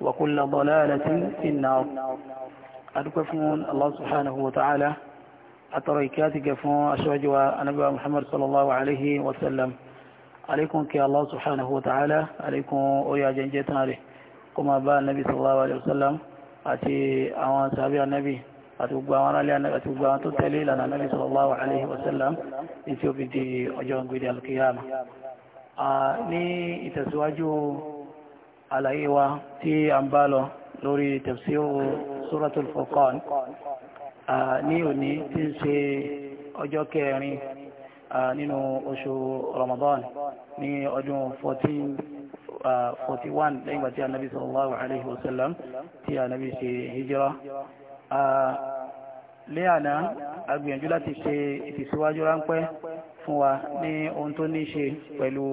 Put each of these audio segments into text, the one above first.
وكل ضلالة في النار أدكفون الله سبحانه وتعالى أتريكاتك فون أشواجوا أنبي محمد صلى الله عليه وسلم عليكم كي الله سبحانه وتعالى عليكم ويا جنجتنا له كما با النبي صلى الله عليه وسلم أتي أوان سابع النبي أتوقع وانا لأن أتوقع أن تتلي لنا النبي صلى الله عليه وسلم إنسيو بدي أجوان قيد القيامة آه ني إتسواجوا Alaiwa, ti tí a ń bá tafsiru suratul Furqan ní òní tí se ojo ọjọ́ kẹrin nínú oṣù Ramadan ní ọdún 41, lẹ́yìn ìgbà tí anabi sallallahu Alaihi Wasallam sallam tí anabi ṣe hijira léàná agbìyànjú láti ṣe ìtìsíwájú ráńpẹ́ fún wa ní ohun tó ní ṣe pẹ̀lú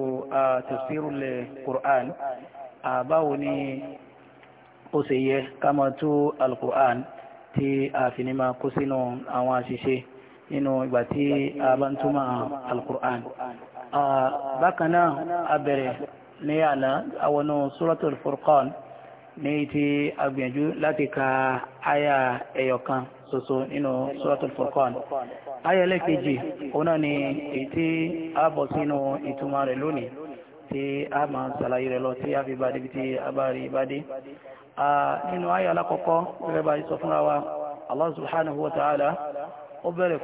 tafsirul Qur'an àbáwo ni ó ṣe yẹ ká máa tú alukur'an tí a fi ní máa kó sínú àwọn àṣìṣe nínú ìgbà tí a bá ń túmọ̀ alukur'an. bákan náà a ní àná àwọn suratul furqan ní ti agbìyànjú láti ka aya ẹyọ kan ṣoṣo nínú suratul furqan aya ẹlẹ́kejì òun náà ni èyí tí a bọ̀ sínú ìtumọ̀ rẹ̀ lónìí tí a máa ṣàlàyé rẹ̀ lọ tí a fi bá débi tí a bá rí bá dé nínú ayé alákọ̀ọ́kọ́ gẹ́gẹ́ bá sọ fúnra wa Allah subhanahu wa ta'ala ó bẹ̀rẹ̀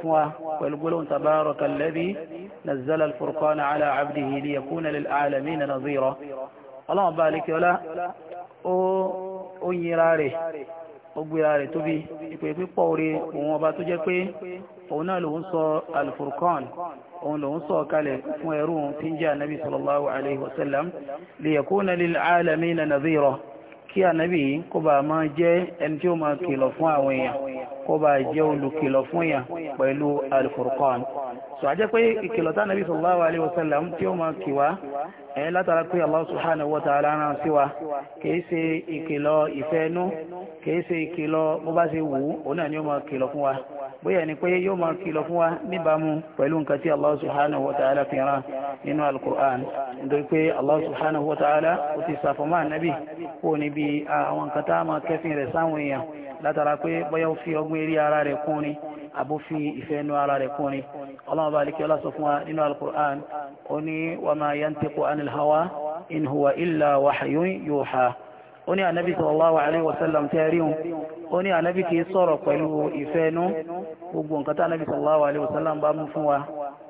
ogbera rẹ̀ tóbi ìpè pípọ̀ orí òun ọba tó jẹ́ pé òun náà lòun sọ alfurkan òun lòun sọ kalẹ̀ fún ẹrú tí ń jẹ́ anabi sallallahu alayhi wa sallam liyakuna lil alamina nadhira kí ànábì yìí kó bá máa jẹ́ ẹni tí ó máa kìlọ̀ fún àwọn èèyàn kó bá jẹ́ olùkìlọ̀ fún èèyàn pẹ̀lú alifurkan so a jẹ́ pé ìkìlọ̀ tá ànábì sallallahu alaihi wasallam tí ó máa kìwá ẹ̀yìn látara pé Allah subhanahu wa ta'ala rán sí wa kìí ṣe ìkìlọ̀ ìfẹ́nú kìí ṣe ìkìlọ̀ bó bá ṣe wù ó náà ni ó máa kìlọ̀ fún wa bóyá ni pé yóò máa kìlọ̀ fún wa níbàámu pẹ̀lú nǹkan tí Allah subhanahu wa ta'ala fi rán nínú alukur'an nítorí pé Allah subhanahu wa ta'ala ó ti sàfọ́mọ́ ànábì kó níb níbi àwọn nǹkan tá a máa kẹ́sìn rẹ̀ sáwọn èèyàn látara pé bóyá ó fi ọgbọ́n eré ara rẹ̀ kún ni àbó fi ìfẹ́ inú ara rẹ̀ kún ni ọlọ́run bá alikẹ́ ọlọ́sọ fún wa nínú alukur'an ó ní wa ma yantiqu anil hawa in huwa illa wahyun yuha ó ní ànábì sallallahu alaihi wasallam tẹ́ríhùn ó ní ànábì kìí sọ̀rọ̀ pẹ̀lú ìfẹ́ inú gbogbo nǹkan tá ànábì sallallahu alaihi wasallam bá mú fún wa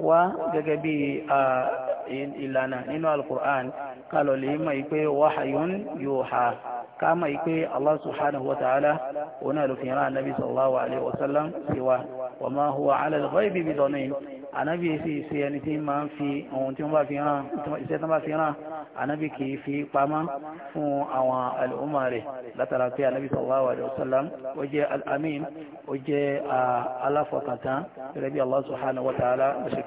wá gẹ́gẹ́ bí ìlànà nínú alukur'an kálọ̀ lè mọ̀ pé wahyun yuha káàmà ìpé Allah subhanahu wa ta'ala òun náà ló fi rán anábì sallallahu alaihi wasallam sí wa wa ma huwa ala al-ghaibi bi dhanin anábì èsì ìṣe ẹni tí máa ń fi ohun tí wọ́n bá fi rán iṣẹ́ tó bá fi rán anábì kì í fi pamọ́ fún àwọn al'umma rẹ̀ látara pé anábì sallallahu alaihi wasallam ó jẹ́ al-amin ó jẹ́ ah, aláfọkàntán rẹ̀ bí Allah subhanahu wa ta'ala ó ṣe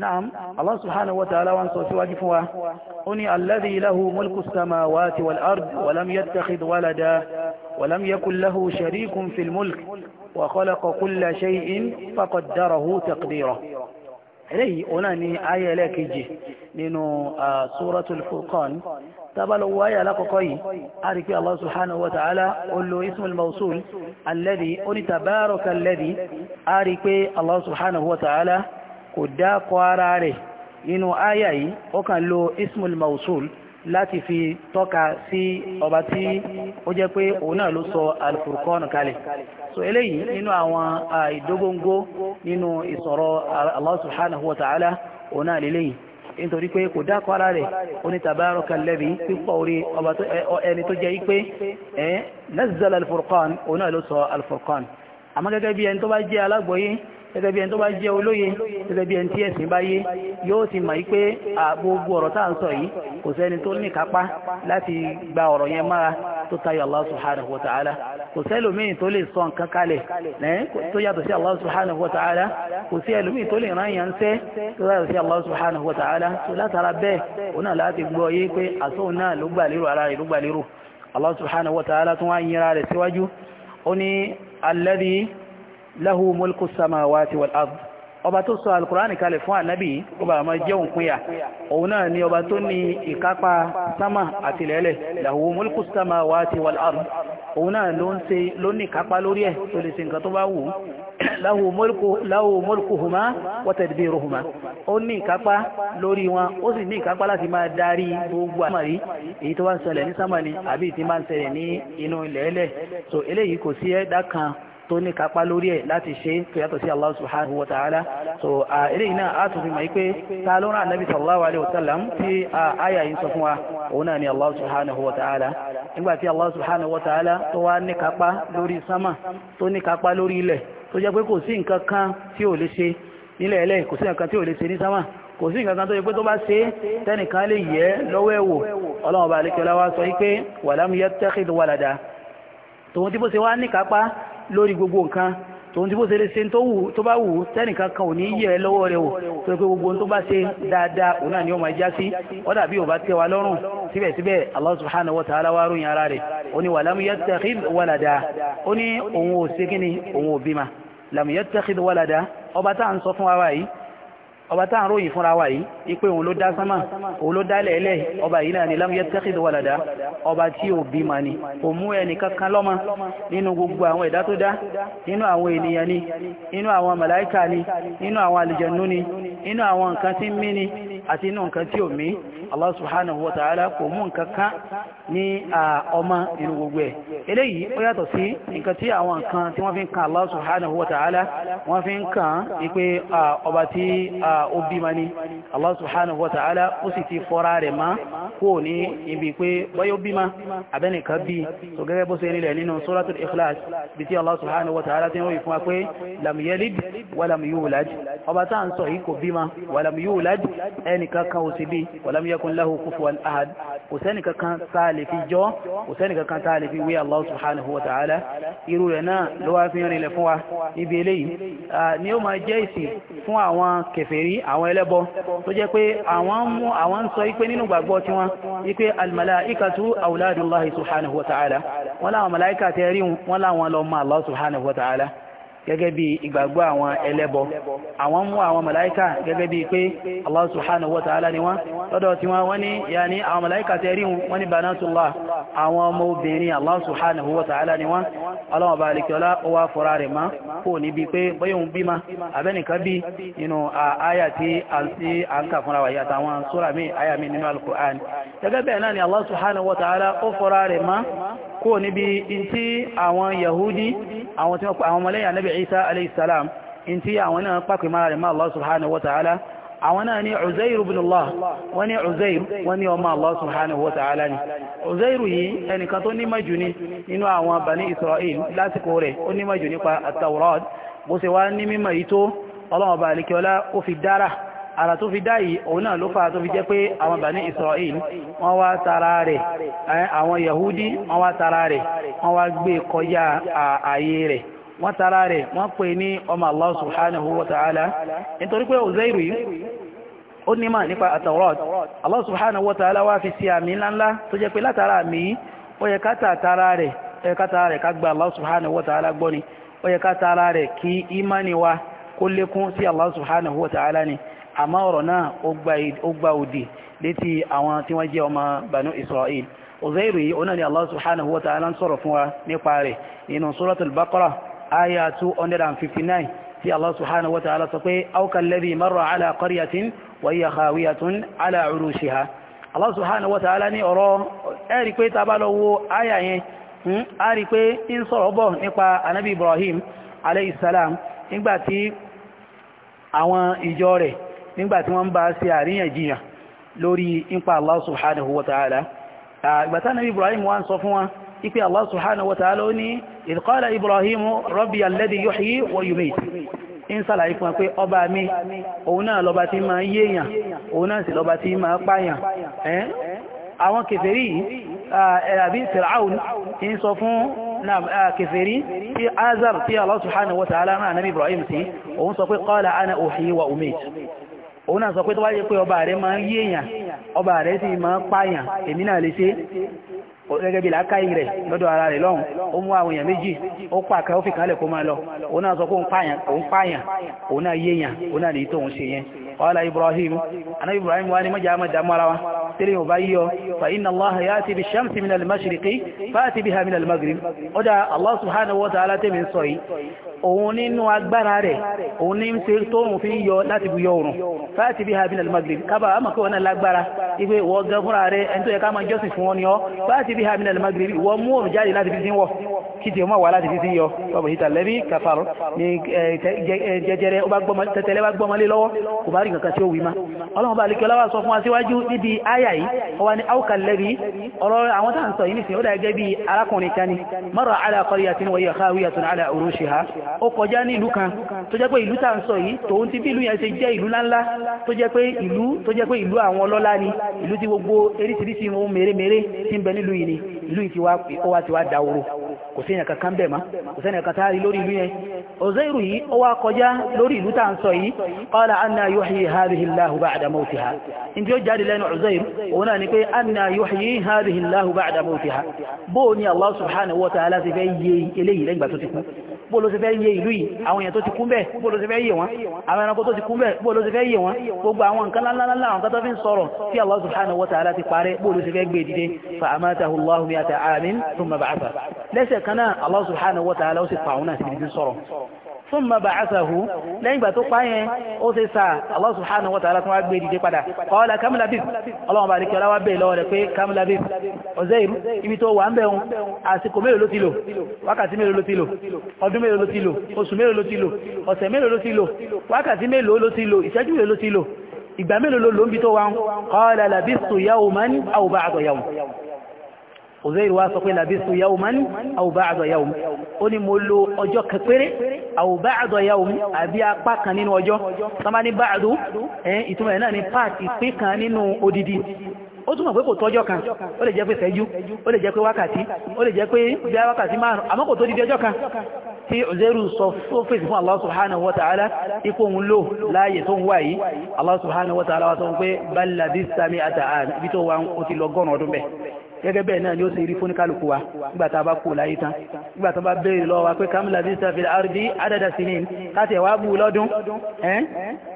نعم الله سبحانه وتعالى وانصر في واجفه أني الذي له ملك السماوات والأرض ولم يتخذ ولدا ولم يكن له شريك في الملك وخلق كل شيء فقدره تقديره إليه أناني آية لكجي لأنه سورة الفرقان تبالوا لك لقوي أرك الله سبحانه وتعالى قل اسم الموصول الذي أني تبارك الذي أرك الله سبحانه وتعالى kò dákọ ara rẹ̀ inú àyà yìí ó kàn lo ismul mausul láti fi tọ́ka sí ọba tí ó jẹ́ pé òun náà ló sọ alfurqan kalẹ̀ so eléyìí nínú àwọn ìdógóngó nínú ìsọ̀rọ̀ Allah subhanahu wa ta'ala òun náà lélẹ́yìí nítorí pé kò dákọ̀ ara rẹ̀ oní pípọ̀ orí ẹni tó jẹ́ pé ẹ́ nazzala alfurqan òun náà ló sọ alfurqan àmọ́ bí ẹni tó bá jẹ́ alágbọ̀yé gẹ́gẹ́ bí ẹni tó bá jẹ́ olóye gẹ́gẹ́ bí ẹni tí ẹ̀sìn bá yé yóò ti mọ̀ pé gbogbo ọ̀rọ̀ tá à ń sọ yìí kò sẹ́ni tó ní kápá láti gba ọ̀rọ̀ yẹn mára tó tayọ Allah subhanahu wa ta'ala kò sí ẹlòmíì tó lè sọ nǹkan kalẹ̀ tó yàtọ̀ sí Allah subhanahu wa ta'ala kò sí ẹlòmíì tó lè rán yàn sẹ́ tó yàtọ̀ sí Allah tó látara bẹ́ẹ̀ lahu mulku samawati wal ard ọba tó sọ alkùránì kalẹ̀ fún ànábì ọba àmọ́ jẹun pínyà òun náà ni ọba tó ní ìkápá sámà àti lẹ́lẹ̀ lahu mulku samawati wal ard òun náà ló ń ṣe ló ní ìkápá lórí ẹ̀ tó lè ṣe nǹkan tó bá wù lahu mulku lahu mulkuhuma wa tadbiruhuma ó ní ìkápá lórí wọn ó sì ní ìkápá láti máa gbogbo àmàrí èyí tó bá ń ṣẹlẹ̀ ní ni àbí tí máa ń ṣẹlẹ̀ ní inú ilẹ̀ ẹlẹ̀ so eléyìí kò sí kan tó ní kápá lórí ẹ̀ láti ṣe tó yàtọ̀ sí Allah so eléyìí náà a tún fi mọ̀ pé ta ló rán anabi sallallahu alayhi wa sallam tí àyà yìí sọ fún wa òun náà ni Allah subhanahu wa ta'ala nígbà tí Allah subhanahu wa ta'ala tó wá ní kápá lórí sámà tó ní kápá lórí ilẹ̀ tó jẹ́ pé kò sí nǹkan kan tí ò lè ṣe nílẹ̀ ẹlẹ́ kò sí nǹkan tí tó yẹ pé tó bá ṣe tẹ́nìkan lè yẹ lọ́wọ́ ẹ̀wò ọlọ́run ọba àlekẹ́lá wa sọ wípé walam yattakhidh walada tòun tí bó ṣe wá ní kápá lórí gbogbo nǹkan tòun tí bó ṣe lè ṣe tó bá wù tẹ́nìkan kan ò ní yẹ̀ ẹ́ lọ́wọ́ rẹ̀ o tó pé gbogbo tó bá ṣe dáadáa òun náà ni ó máa sí ọ̀dà bí ò bá tẹ́ wa lọ́rùn síbẹ̀síbẹ̀ Allah subhanahu wa ta'ala wa ròyìn ara rẹ̀ ó ní wa lam yattakhid walada ó ní òun ò ṣe kí ni òun ò bímọ lam yattakhid walada ọba tá à ń sọ fún wa wáyìí ọba tá à ń ròyìn fúnra wa yìí ipé òun ló dá sánmà òun ló dálẹ̀ ẹlẹ́ ọba yìí náà ni lam yattakhidh walada ọba tí ò bí ma ni kò mú ẹnì kankan lọ́mọ nínú gbogbo àwọn ẹ̀dá tó dá nínú àwọn ènìyàn ni nínú àwọn màláíkà ni nínú àwọn àlìjẹ̀nú ni nínú àwọn nǹkan tí ń mí ni àti inú nǹkan tí ò mí Allah subhanahu wa ta'ala kò mú nǹkan kan ní ọmọ inú gbogbo ẹ̀ eléyìí ó yàtọ̀ sí nǹkan tí àwọn nǹkan tí wọ́n fi ń kan Allah subhanahu wa ta'ala wọ́n fi ń kan wípé ọba tí ó bí ma ní Allah subhanahu wa ta'ala ó sì ti fọ́ra rẹ̀ má kó ní ibi pé bọ́yọ́ bí ma abẹ́nìkan bí so gẹ́gẹ́ bó ṣe nílẹ̀ nínú suratul ikhlas bí tí Allah subhanahu wa ta'ala ti ń ròyìn fún wa pé lam yalid yulad ọba tá à ń sọ yìí kò bí ma wa yulad ẹnìkan kan ò sí bí walam yakun lahu kufuwan ahad kò sẹ́nìkan kan tá lè fi jọ kò sẹ́nìkan kan tá lè fi wé Allah subhanahu wa ta'ala irú rẹ̀ náà ló wá fi rìnlẹ̀ fún wa níbi eléyìí ni ó máa jẹ́ ìsìn fún àwọn kèfèrí àwọn ẹlẹ́bọ tó jẹ́ pé àwọn mú àwọn sọ wípé nínú gbàgbọ́ tiwọn wípé al-malaikatu awladullahi subhanahu wa ta'ala wọ́n láwọn màláìkà tẹ́rí wọn láwọn lọ́mọ Allah subhanahu wa ta'ala gẹ́gẹ́ bí ìgbàgbọ́ àwọn ẹlẹ́bọ àwọn mú àwọn màláíkà gẹ́gẹ́ bí pé Allah subhanahu wa ta'ala ni wọ́n lọ́dọ̀ tí wọ́n wọ́n ní ya ní àwọn màláíkà tẹ́rí wọ́n ní banatullah àwọn ọmọ obìnrin Allah subhanahu wa ta'ala ni wọ́n Allah bá alikiola ó wá fọ́ra rẹ̀ má kò níbi pé bóyún bí ma abẹ́nìkan bí nínú àyà tí a ń kà kó níbi tí àwọn yahudi àwọn tí àwọn mọ̀lẹ́yìn anábì isa alayhi salam in tí àwọn náà pàpẹ mara rẹ̀ máa allah subhanahu wa ta'ala àwọn náà ni Uzairu bin Allah wọ́n ni Uzairu wọ́n ni ọmọ Allah subhanahu wa ta'ala ni Uzairu yìí ẹnìkan tó nímọ̀ jù ní inú àwọn Bani Israel lásìkò rẹ̀ ó nímọ̀ jù nípa at bó ṣe wá ní mímọ̀ yìí tó alikiola ó fi dára ara tó fi dá yìí òun náà ló fà tó fi jẹ́ pé àwọn bàní Israel wọ́n wá tara rẹ̀ àwọn Yahudi wọ́n wá tara rẹ̀ wọ́n wá gbé kọjá ààyè rẹ̀ wọ́n tara rẹ̀ wọ́n pè ní ọmọ Allah subhanahu wa ta'ala nítorí pé Uzairu ó ní mà nípa àtàwọ́t Allah subhanahu wa ta'ala wá fi sí àmì ńláńlá tó jẹ́ pé látara àmì ó yẹ ká tara rẹ̀ ó yẹ ká tara rẹ̀ ká gba allahu subhanahu wa ta'ala ó yẹ ká tara rẹ̀ kí kó lékún sí subhanahu wa ta'ala ni àmọ́ ọ̀rọ̀ náà ó gba òdì létí àwọn tí wọ́n jẹ́ ọmọ banu israel uzairu yìí onáà ni allah subhanahu wa fún wa nípa rẹ̀ nínú suratul baqara aya 259 tí allah subhanahu wa ta'ala sọ pé aw kalladhi marra ala qaryatin wa hiya khawiyatun ala urushiha allah subhanahu wa ta'ala ní ọ̀rọ̀ ẹ̀rí pé tá bá lọ wo aya yẹn hmm, a rí àwọn ìjọ rẹ̀ nígbà tí wọ́n bá ṣe àríyànjiyàn lórí ipa Allah subhanahu wa ta'ala ìgbàtà nabi Ibrahim wọ́n sọ fún wọn ipe Allah subhanahu wa ta'ala ó ní idh qala Ibrahim rabbi alladhi yuhyi wa yumit in sàlàyé fún pé ọba mi òun náà lọba tí ma yéèyàn òun náà sì lọba tí ma pààyàn àwọn kèfèrí ẹ̀ràbí Fir'aun in sọ fún kèfèrí tí azar tí Allah subhanahu wa ta'ala náà nabi Ibrahim sí òun sọ pé qala ana uhyi wa umit òun náà sọ pé tó bá pé ọba rẹ̀ máa ń yí ọba rẹ̀ sì máa ń pààyàn èmi náà lè ṣe gẹ́gẹ́ bí làákàyè rẹ̀ lọ́dọ̀ ara rẹ̀ lọ́hùn ó mú àwọn èèyàn méjì ó pàkà ó fi kàálẹ̀ kó máa lọ òun náà sọ pé òun pààyàn òun náà yéèyàn òun náà nìyí tóun ṣe yẹn wàhálà Ibrahim anábì Ibrahim wa ni mọ́jà máa dàmú ara wa tẹ́lẹ̀ yóò bá yí ọ fa inna Allah ya'ti bi shamsi min al-mashriqi fa'ti biha min al-maghrib ó dá Allah subhanahu wa ta'ala tẹ́mi ń sọ yìí òun nínú agbára rẹ̀ òun ní ṣe tóun fi yọ láti bu yọ òrùn fa'ti biha min al biha min al-maghribi wọ́n mú òun jáde láti fi sí wọ̀ kí tí ó máa wà láti fi sí yọ ọmọ ìta lẹ́bí kàfàrọ̀ ní jẹjẹrẹ tẹtẹlẹ bá gbọmọlé lọ́wọ́ kò bá rí nǹkan tí ó wí ma ọlọ́run bá alikẹ́ láwà sọ fún wa síwájú níbi àyà yìí ó wà ní áwùkà lẹ́bí ọ̀rọ̀ àwọn tá à ń sọ yìí nìsín ó dà gẹ́gẹ́ bí arákùnrin kan ni marra ala qaryatin wa hiya khawiyatun ala urushiha ó kọjá ní ìlú kan tó jẹ́ pé ìlú tá à ń sọ yìí tòun ti bí ìlú yẹn ṣe jẹ́ ìlú ńláńlá tó jẹ́ pé ìlú tó yìí ni ìlú yìí ti wá ó wá ti wá dàwòrò kò sí ẹnìkan kan bẹ̀ mọ́ kò sẹ́ni kan táàrí lórí ìlú yẹn Uzairu yìí ó wá kọjá lórí ìlú tá ń sọ yìí qala anna yuhyi hadhihi Allahu ba'da mawtiha ìdí ó jáde lẹ́nu Uzairu òun náà ni pé anna yuhyi hadhihi Allahu ba'da mawtiha bóò ni Allah subhanahu wa ta'ala ti fẹ́ yé eléyìí lẹ́gbàá tó ti kú bóòlò ti fẹ́ yẹ ìlú yìí àwọn èèyàn tó ti kú bẹ́ẹ̀ bóòlò ti fẹ́ yẹ wọ́n àwọn ẹranko tó ti kú bẹ́ẹ̀ bóòlò ti fẹ́ yẹ wọ́n gbogbo àwọn nǹkan lálálálá àwọn kan tó fi ń sọ̀rọ̀ tí Allah subhanahu wa ta'ala ti parẹ́ bóòlò ti fẹ́ gbé dìde fa amatahu Allahu mi'ata ثم بعثه لين بتقاين او سيسا الله سبحانه وتعالى كما بي دي padà قال كم لبث الله بارك لا وبي لو رẹ̀ pé كم لبث عزير ibi tó wà ńbẹ̀ un àsìkò mélòó ló ti lò wákàtí mélòó ló ti lò ọdún mélòó ló ti lò oṣù mélòó ló ti lò ọ̀sẹ̀ mélòó ló ti lò wákàtí mélòó ló ti lò òzèrè wá sọ pé labistu yawman aw ba'da yawm ó ní mo lo ọjọ́ kẹpẹ́rẹ́ aw ba'da yawm àbí apá kan nínú ọjọ́ sọmá ní ba'du ẹ̀yìn ìtumọ̀ náà ní pàtì pín kan nínú odidi ó túnmọ̀ pé kò tọ́jọ́ kan ó lè jẹ́ pé ṣẹ́jú ó lè jẹ́ pé wákàtí ó lè jẹ́ pé bí i wákàtí márùn àmọ́ kò tó dídí ọjọ́ kan tí òzèrù sọ fèsì fún Allah subhanahu wa ipò òun lò láàyè tó ń wà yìí Allah subhanahu wa ta'ala pé bal labista mi'ata am ibi tó wà ó ti lọ gọ́nà ọdún bẹ́ẹ̀ gẹ́gẹ́ bẹ́ẹ̀ náà ni ó ṣe rí fún kálukú wa nígbà tá a bá kú láyé tán nígbà tó bá béèrè lọ́wọ́ wa pé kamila vista fil ardi adada sinin káṣẹ̀ wá bù lọ́dún ẹ́n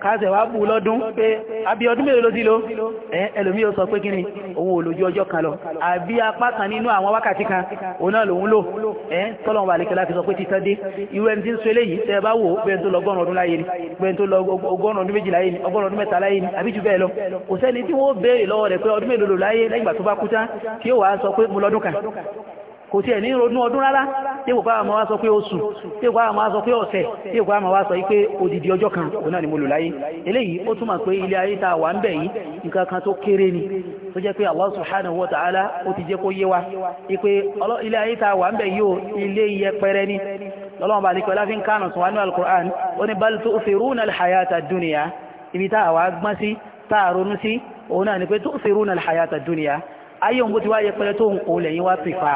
káṣẹ̀ wá bù lọ́dún pé àbí ọdún mélòó ló ti lò ẹ́n ẹlòmí ó sọ pé kí ni òun ò lójú ọjọ́ kan lọ àbí apá kan nínú àwọn wákàtí kan òun náà lòun lò ẹ́n tọ́lọ́run wà lẹ́kẹ́ láti sọ pé ti tán yóò wá sọ pé mo lọ́dún kan kò tí ẹ̀ ní ronú ọdún rárá tí kò bá máa sọ pé oṣù tí kò bá máa sọ pé ọ̀sẹ̀ tí kò bá máa sọ pé odidi ọjọ́ kan òun náà ni mo lò láyé eléyìí ó túmọ̀ pé ilé ayé tá wà ń bẹ̀ yìí nǹkan kan tó kéré ni tó jẹ́ pé Allah subhanahu wa ta'ala ó ti jẹ́ kó yé wa pé ilé ayé tá wà ń bẹ̀ yìí ó ilé yẹpẹrẹ ni lọ́lọ́mọba àdìkọ́ láfi ń kánà tún wá ní al ó ní bal tu'thiruna al-hayata ad-dunya ibi tá a gbọ́n sí tá ronú sí òun náà ni pé tu'thiruna al-hayata ad-dunya ayé òun bó ti wá yẹ pẹlẹ tó òun lẹ́yìn wá pìfà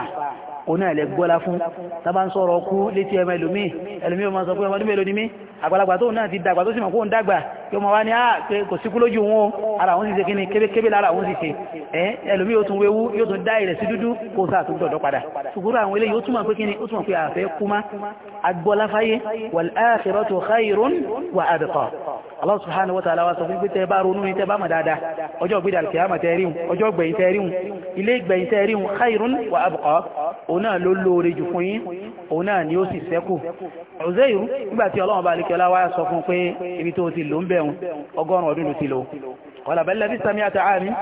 òun náà lẹ gbọ́lá fún tábà ń sọ̀rọ̀ ọkú létí ẹmọ ẹlòmíì ẹlòmíì ọmọ sọ pé ọmọdún mélòó ni mí àgbàlagbà tó náà ti dàgbà tó sì mọ̀ kó ń dàgbà yóò mọ̀ wá ní àà ah, kò síkú lójú wọn ara wọn sì ṣe kíni kébékébé lára wọn sì ṣe ẹ́ ẹlòmí yóò tún wéwú yóò tún dá ilẹ̀ sí dúdú kó sáà tó dọ̀dọ̀ padà ṣùgbọ́n àwọn eléyìí ó túmọ̀ pé kíni ó túmọ̀ pé àfẹ́ kú má agbọ́láfáyé wal akhiratu khayrun wa abqa Allah bá lè àlékẹ́lá wá sọ fún pé ibi tó ti lò ń bẹ̀rún ọgọ́rùn ọdún ló ti lò ọ̀làbẹ̀lẹ̀ bí sami àtàárín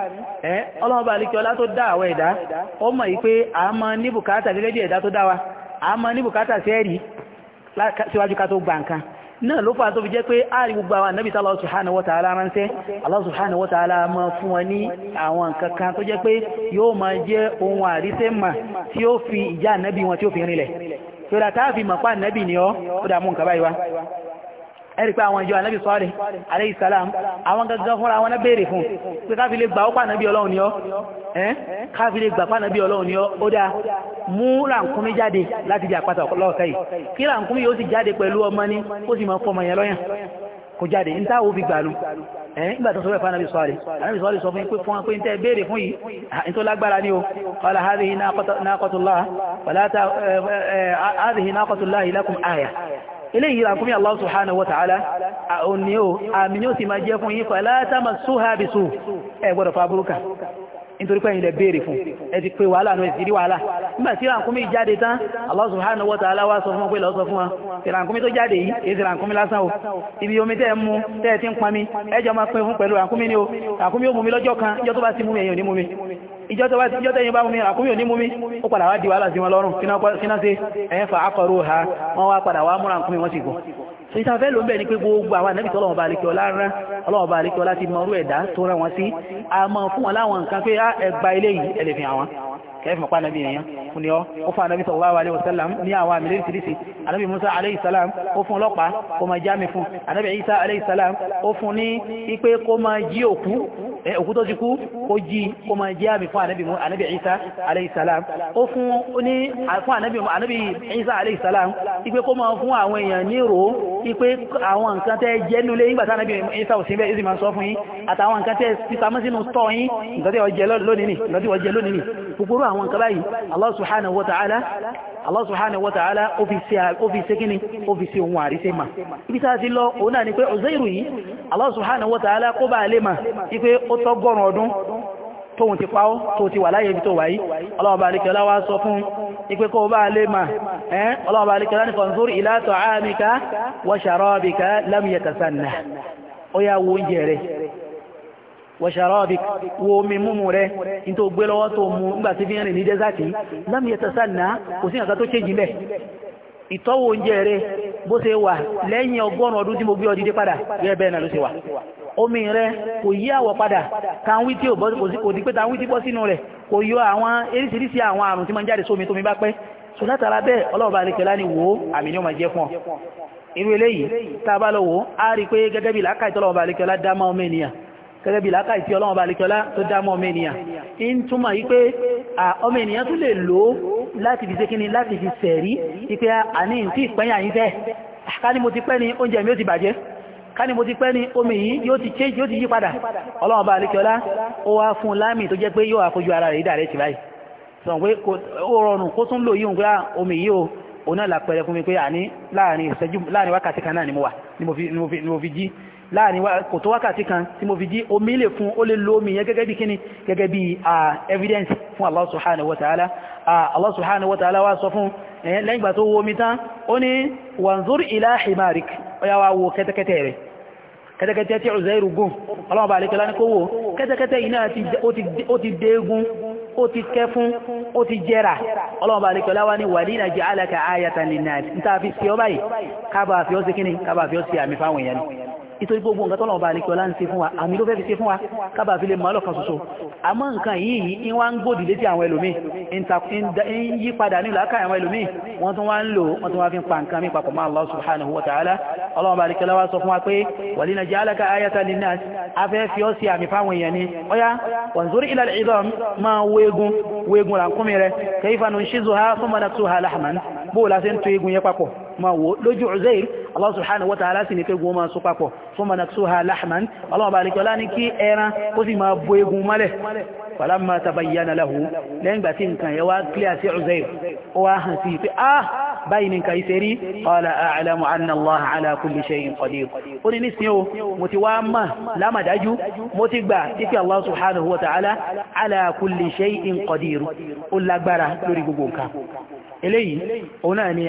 ẹ́ ọlọ́ọ̀bà àlékẹ́lá tó dá àwọ̀ ẹ̀dá ó mọ̀ yí pé a mọ̀ ní bùkátà gẹ́gẹ́ bí ẹ̀dá tó dá wa a mọ̀ ní bùkátà sẹ́ẹ̀rì síwájú ká tó gbà nǹkan náà ló fà tó fi jẹ́ pé ààrí gbogbo àwọn ànábì tí Allah subhanahu wa ta'ala ránṣẹ́ Allah subhanahu wa ta'ala máa fún wọn ní àwọn kankan tó jẹ́ pé yóò máa jẹ́ ohun àríṣẹ́ mà tí ó fi ìjà ànábì wọn tí ó fi rinlẹ̀ tó dá táàfi mọ̀pá ànábì ni ọ́ ó dá mú nǹkan báyìí wá ẹ̀rí pé àwọn ìjọ anábì sọ́ọ̀rẹ̀ alayhi salam àwọn gangan fúnra wọn béèrè fún pé káfí lè gbà ó pànàbí ọlọ́run ni ọ́ káfí lè gbà pànàbí ọlọ́run ni ọ́ ó dáa mú ràǹkúnmí jáde láti di àpáta ọlọ́ọ̀tẹ́ yìí kí ràǹkúnmí yóò sì jáde pẹ̀lú ọmọ ní kó sì máa fọmọ yẹn lọ́yàn kò jáde ní táwọn òbí gbàlú ẹ̀yìn ìgbà tó sọ́rọ̀ fánàbí sọ́rọ̀ anábì sọ́rọ̀ sọ fún pé fún pé ń tẹ́ béèrè fún yìí àti lágbára ní o qala hadhihi naqatullah wala hadhihi naqatullah lakum aya eléyìí àkúmí Allah subhanahu wa ta'ala àmì ni ó sì máa jẹ́ fún yín fala tamassuha bisu ẹ gbọ́dọ̀ nítorí pé ilẹ̀ béèrè fún ẹ ti pé wàhálà náà ìsìrí wàhálà nígbà tí ràǹkúmí jáde tán Allah subhanahu wa ta'ala wá sọ fún wọn pé lọ́sọ fún wọn tí ràǹkúmí tó jáde yìí èsì ràǹkúmí lásán o ibi omi tẹ́ mú tẹ́ ti ń pami ẹjọ́ máa pín fún pẹ̀lú ràǹkúmí ni o ràǹkúmí ó mú mi lọ́jọ́ kan ìjọ́ tó bá sí mú mi ẹ̀yìn ò ní mú mi ìjọ́ tó bá sí ìjọ́ tẹ́yìn bá mú mi ràǹkúmí ò ní mú mi ó padà wá di wàhálà sí wọn lọ́rùn kíná ṣe ẹ̀yẹn fa akọrò ha wọ́n wá padà wá mú ràǹkúmí wọ́n sì gùn sèta fẹ́ ló ń bẹ̀ ní pé gbogbo àwọn ànábì tó ọlọ́wọ́ bá alikẹ́ ọlá rán ọlọ́wọ́ bá alikẹ́ ọlá ti mọ orú ẹ̀dá tó rán wọn sí a mọ̀ fún wọn láwọn nǹkan pé ah, ẹgbà eléyìí ẹlẹ́fìn àwọn ẹ̀fì mọ̀pá anabi èèyàn fún ni ọ́ ó fún anabi sallallahu alaihi wasallam ní àwọn àmì lẹ́yìn tìrìsì anabi musa alayhi salam ó fún ọlọ́pàá kó máa jámi fún anabi isa alayhi salam ó fún ní ipe kó máa jí òkú òkú tó ti kú kó jí kó máa jí àmì fún anabi isa alayhi salam ó fún ní fún anabi isa alayhi salam ipe kó máa fún àwọn èèyàn ní ro ipe àwọn nǹkan tẹ́ jẹ́ nulẹ̀ nígbà tí anabi isa ò sí bẹ́ẹ̀ ìsì máa sọ fún yín àtàwọn nǹkan tẹ́ ti pamọ́ sínú tọ́ yín nǹkan tẹ́ ọ jẹ lónìí nì gbogbo àwọn nǹkan báyìí Allah subhanahu wa ta'ala Allah subhanahu wa ta'ala ó fi ṣe kíni ó fi ṣe ohun àríṣe mà ibi tá a ti lọ òun náà ni pé Uzairu yìí Allah subhanahu wa ta'ala kó bá lè mà ní pé ó tọ́gọ́rùn ọdún tóhun ti pàó tó ti wà láyé ibi tó wáyé Allah bá wá sọ fún ipé kó bá lè máa ẹ́n Allah bá ní fanzur ila ta'amika wa sharabika ó yá wo oúnjẹ rẹ̀ wọ̀ṣàrọ́bì wo omi múmu rẹ̀ ní tó gbé lọ́wọ́ tó mú nígbà tí fi ń rìn ní dẹ́sàtì lámì ẹ̀tẹ̀sánà kò sí nǹkan tó ṣe jìnbẹ̀ ìtọ́wò oúnjẹ rẹ̀ bó ṣe wà lẹ́yìn ọgọ́rùn ọdún tí mo gbé ọdídé padà gẹ́gẹ́ bẹ́ẹ̀ náà ló ṣe wà omi rẹ̀ kò yí àwọ̀ padà káwí tí kò di pé táwí tí bọ́ sínú rẹ̀ kò yọ àwọn eríṣiríṣi àwọn àrùn tí máa ni wò ó àmì ni ó máa jẹ́ fún ọ irú eléyìí tá a bá lọ wò ó á rí i pé gẹ́gẹ́ bí làákàí tí ọlọ́run bá lè kọlá tó dámọ́ ọmọ ènìyàn in túnmà yí pé ọmọ ènìyàn tún lè lò ó láti fi ṣe kíni láti fi sẹ̀rí ipé àní tí ìpẹ́yà yí fẹ́ ká ní mo ti pẹ́ ni oúnjẹ mi ó ti bàjẹ́ ká ní mo ti pẹ́ ni omi yìí yóò ti change yóò ti yí padà ọlọ́run bá lè kọlá ó wá fún lámì tó jẹ́ pé yóò àfojú ara rẹ̀ ìdàrẹ́ ti báyìí sọ pé ó rọrùn kó tún lò yí òun pé omi yìí o òun náà làpẹrẹ fún mi pé àní láàrin wákàtí kan náà ni mo wà ni mo fi jí láàrin kò tó wákàtí kan tí mo fi jí omi lè fún ó lè lo omi yẹn gẹ́gẹ́ bí kíní gẹ́gẹ́ bí evidence fún Allah subhanahu wa ta'ala Allah subhanahu wa ta'ala wá sọ fún lẹ́yìn tó wo omi tán ó ní wanzur ila himarik ó yá wá wo kẹ́tẹ́kẹ́tẹ́ rẹ̀ kẹ́tẹ́kẹ́tẹ́ tí Uzairu gùn ọlọ́wọ́ bá alẹ́kẹ́lá ní kó wò kẹ́tẹ́kẹ́tẹ́ iná ó ti déégún ó ti kẹfún ó ti jẹ́ra ọlọ́wọ́ bá alẹ́kẹ́lá wá ní wàlínà jẹ́ alákà ayatan linnasi ní tàbí sí ọ nítorí gbogbo nǹkan tọ́lọ̀ ọba àlekí ń ṣe fún wa àmì ló fẹ́ fi ṣe fún wa kábà fi lè mọ́ ọlọ́kan ṣoṣo àmọ́ nǹkan yìí ń wá ń gbòdì létí àwọn ẹlòmíì ń yí padà nílò ákà àwọn ẹlòmíì wọ́n tún wá ń lò wọ́n tún wá fi ń pa nǹkan mi papọ̀ mọ́ Allah subhanahu wa ta'ala ọlọ́run ọba àlekí wa sọ fún wa pé walinaj'alaka ayatan linnas afẹ́ fi ọ́ sí àmì fáwọn èèyàn ni ọ̀yá wanzur ila al-'idham máa wéegun wéegun rànkúnmi rẹ kayfa nunshizuha thumma naksuha lahman bóòlá sí ń tó egun yẹn papọ̀ ma wo lójú Uzair Allah subhanahu wa ta'ala sì ní kégun ma so papọ̀ fún manaksuha lahman Allah bá alikọ́ láni kí ẹran ó sì máa bo egun mọ́lẹ̀ falamma tabayyana lahu lẹ́yìn gbà tí nǹkan yẹ wá kílíà sí Uzair ó wá hàn sí pé ah báyìí ni nǹkan ìṣe rí qala a'lamu anna Allah ala kulli shay'in qadir ó ní nísìnyí o mo ti wá mà lámàdájú mo ti gbà títí Allah subhanahu wa ta'ala ala kulli shay'in qadir ó lágbára lórí gbogbo nǹkan eléyìí òun náà ni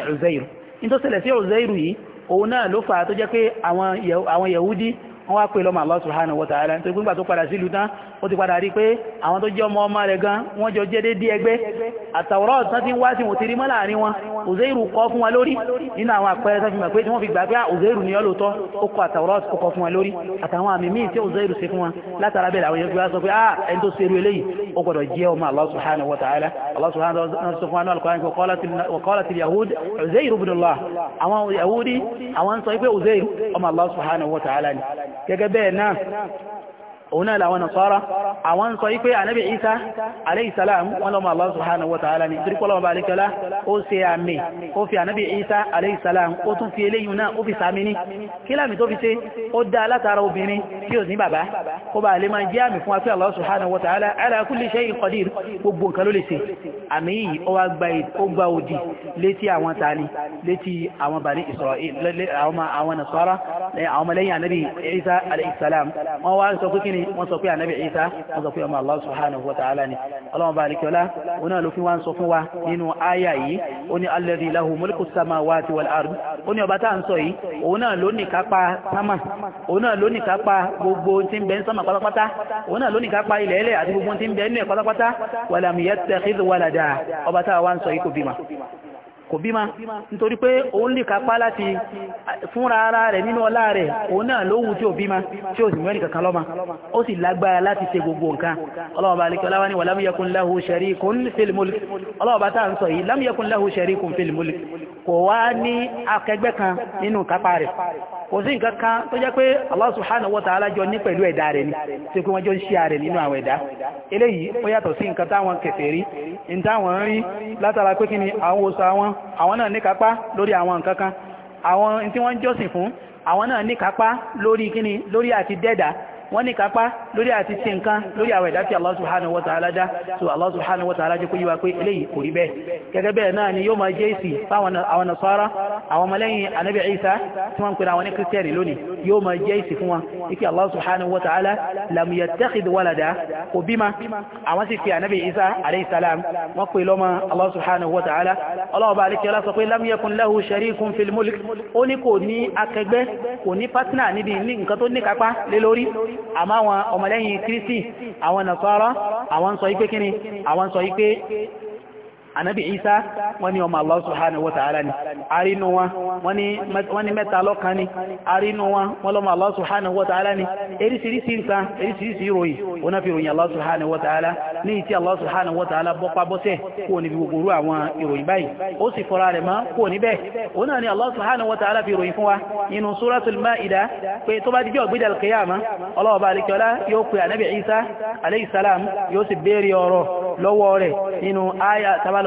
ní tó ṣẹlẹ̀ sí Uzairu yìí òun náà ló fà á tó jẹ́ pé àwọn Yahudi wọ́n wá pè lọ́mọ Allah subhanahu wa ta'ala nítorí pé tó padà sílùú tán ó ti padà rí pé àwọn tó jẹ́ ọmọ ọmọ rẹ̀ gan wọ́n jọ jẹ́ déédéé ẹgbẹ́ àtàwọ̀rọ̀ tán ti wá sí wọn ti rí mọ́ láàrin wọn òzèèrú kọ́ fún wa lórí nínú àwọn àpẹẹrẹ tó fi pé tí wọ́n fi gbà pé òzèèrú ah, ni ọlọ́tọ́ ó kọ àtàwọ̀rọ̀ ó kọ fún wa lórí àtàwọn àmì míì tí òzèèrú ṣe fún wa látara bẹ́ẹ̀ làwọn yẹn sọ pé ah ẹni tó ṣerú eléyìí ó gbọ́dọ̀ jẹ́ ọmọ Allah subhanahu wa ta'ala Allah subhanahu wa fún wa náà Al-Qur'an wa qalat yahud Uzairu ibn àwọn yahudi àwọn sọ pé òzèèrú ọmọ Allah subhanahu wa ta'ala gẹ́gẹ́ bẹ́ẹ̀ náà òun náà làwọn nasara àwọn sọ wípé ànábì isa aleyhisalam wọn lọ́mọ allah subhanahu wa ta'ala ni tirikọ́lọ́ ọba alekẹ́lá ó ṣe àmì ó fi ànábì isa aleyhisalam ó tún fi eléyìn náà ó fi sàmì ní kí láàmì tó fi ṣe ó dá látara obìnrin tí ò ní bàbá kó bá lè máa jẹ́ àmì fún wa pé allah subhanahu wa ta'ala ala kulli shay'in qadir gbogbo nǹkan ló lè ṣe àmì yìí ó wá gba òdì kìíní wọ́n sọ pé ànábì Ìsá wọ́n sọ pé ọmọ Allah subhanahu wa ta'ala ni ọlọ́run bá alikiola òun náà ló fi wọ́n sọ fún wa nínú àyà yìí ó ní alladhi lahu mulku samawati wal ard ó ní ọba tá ń sọ yìí òun náà ló ní kápá kò bímá nítorí pé òun lè kápá láti fúnra ara rẹ̀ nínú ọlá rẹ̀ òun náà lóhun tí ò bímá tí ò sì mẹ́rin kankan lọ́mà ó sì lágbára láti ṣe gbogbo nǹkan ọlọ́ọ̀bá alikọ́ láwá wà lam yakun sharikun fil mulk ọlọ́ọ̀bá tá à ń sọ sharikun fil mulk kò wá ní akẹgbẹ́ kan nínú Allah subhanahu wa ta'ala jọ ní pẹ̀lú ẹ̀dá rẹ̀ ni tí kí wọ́n jọ ń ṣí ààrẹ nínú àwọn ẹ̀dá eléyìí ni àwọn oṣù àwọn àwọn náà ní kápá lórí àwọn nǹkan kan àwọn tí wọ́n jọ́sìn fún àwọn náà ní kápá lórí kíni lórí àti dẹ́dàá wọ́n ní kápá lórí àti ṣe nǹkan lórí àwọn ẹ̀dá tí Allah subhanahu wa ta'ala dá so Allah subhanahu wa ta'ala jẹ́ kó yíwa pé eléyìí kò rí bẹ́ẹ̀ gẹ́gẹ́ bẹ́ẹ̀ náà ni yóò máa jẹ́ ìsì fáwọn àwọn sì fi anabi isa alayhi wọ́n pè lọ́mọ Allah subhanahu ọlọ́ọ̀bá alikẹ́lá sọ pé lam yakun lahu sharikun ó ní kò ní akẹgbẹ́ kò ní pátínà níbi nǹkan tó ní kápá lé àmọ́ àwọn ọmọlẹ́yìn Kristi àwọn Nasara àwọn sọ ipé kíni àwọn sọ ipé anabi isa wọ́n ní ọmọ allah subhanahu wa ta'ala ni arínú wọn wọ́n ní mẹ́ta lọ́kan ni arínú wọn wọ́n lọ́mọ allah subhanahu wa ta'ala ni eríṣiríṣi nǹkan eríṣiríṣi ìròyìn wọ́n náà fi ròyìn allah subhanahu wa ta'ala ní ìtí allah subhanahu wa ta'ala bọ́pá bọ́sẹ̀ kúrò níbi gbogbo orú àwọn ìròyìn báyìí ó sì fọ́ra rẹ̀ mọ́ kúrò níbẹ̀ ó náà ni allah subhanahu wa ta'ala fi ròyìn fún wa nínú suratul ma'ida pé tó bá dijọ́ gbídà kìyàmá ọlọ́wọ́ bá alikọ́lá yóò pe anabi isa alayhi salam yóò sì béèrè ọ̀rọ̀ lọ́wọ́ rẹ̀ nínú aya tabal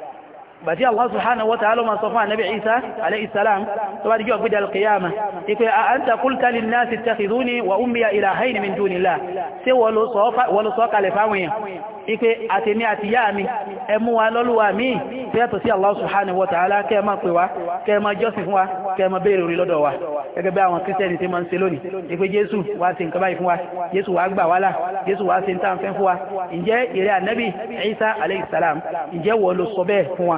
bàtí Allah subhanahu wa ta'ala ma sọ fún ànábì Isa alayhi salam tó bá díjọ́ gbídà alkiyama ipé a an ta kulta lin nasi takhiduni wa ummiya ilahaini min dunillah sí wọlú sọ kalẹ̀ fáwọn ipé àtẹni àti yá mi ẹmú wa lọ́lúwa mi fẹ́tọ̀ sí Allah subhanahu wa ta'ala kẹ́ ma pè wá kẹ́ ma jọ́sìn fún wa kẹ́ ma béèrè orí lọ́dọ̀ wa gẹ́gẹ́ bí àwọn kírísítẹ́nì ti ma ń ṣe wọ́n ló sọ bẹ́ẹ̀ fún wa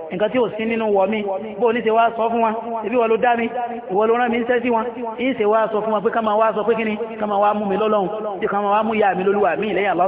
nǹkan tí ò sí nínú wọ̀ mi bó ní ṣe wá sọ fún wa ibi wọ́n ló dá mi ìwọ ló rán mi ń sẹ́sí wọn ń ṣe wá sọ fún wa pé ká máa wá sọ pé kí ni ká máa wá mú mi lọ́lọ́run tí ká wá mú ya mi lólúwa mi lẹ́yìn Allah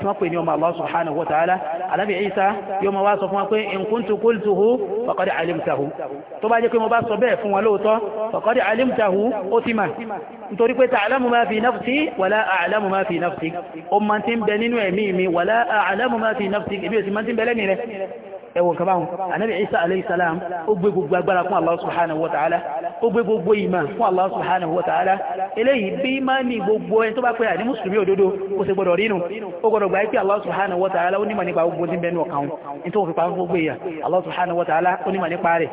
tí wọ́n pè ní ọmọ Allah subhanahu wa ta'ala anábì Isa yóò máa wá sọ fún wọn pé in kuntu qultuhu faqad alimtahu tó bá jẹ́ pé mo bá sọ bẹ́ẹ̀ fún wọn lóòótọ́ faqad alimtahu ó ti mà nítorí pé ta'lamu ma fi nafsi wala a'lamu ma fi nafsi ó máa ti ń bẹ nínú ẹ̀mí mi wala a'lamu ma fi nafsi èmi ò ẹwọ̀n kaba wọn anabi isa alayhi salam ó gbé gbogbo agbára fún allah subhanahu wa ta'ala ó gbé gbogbo ìmọ̀ fún allah subhanahu wa ta'ala eléyìí bí má ní gbogbo ẹni tó bá pẹ́ àní mùsùlùmí òdodo ó ṣe gbọdọ̀ rínú ó gbọdọ̀ gbà pé allah subhanahu wa ta'ala ó nímọ̀ nípa gbogbo níbẹ̀ nù ọ̀kan ní tó fi pa gbogbo èèyàn allah subhanahu wa ta'ala ó nímọ̀ nípa rẹ̀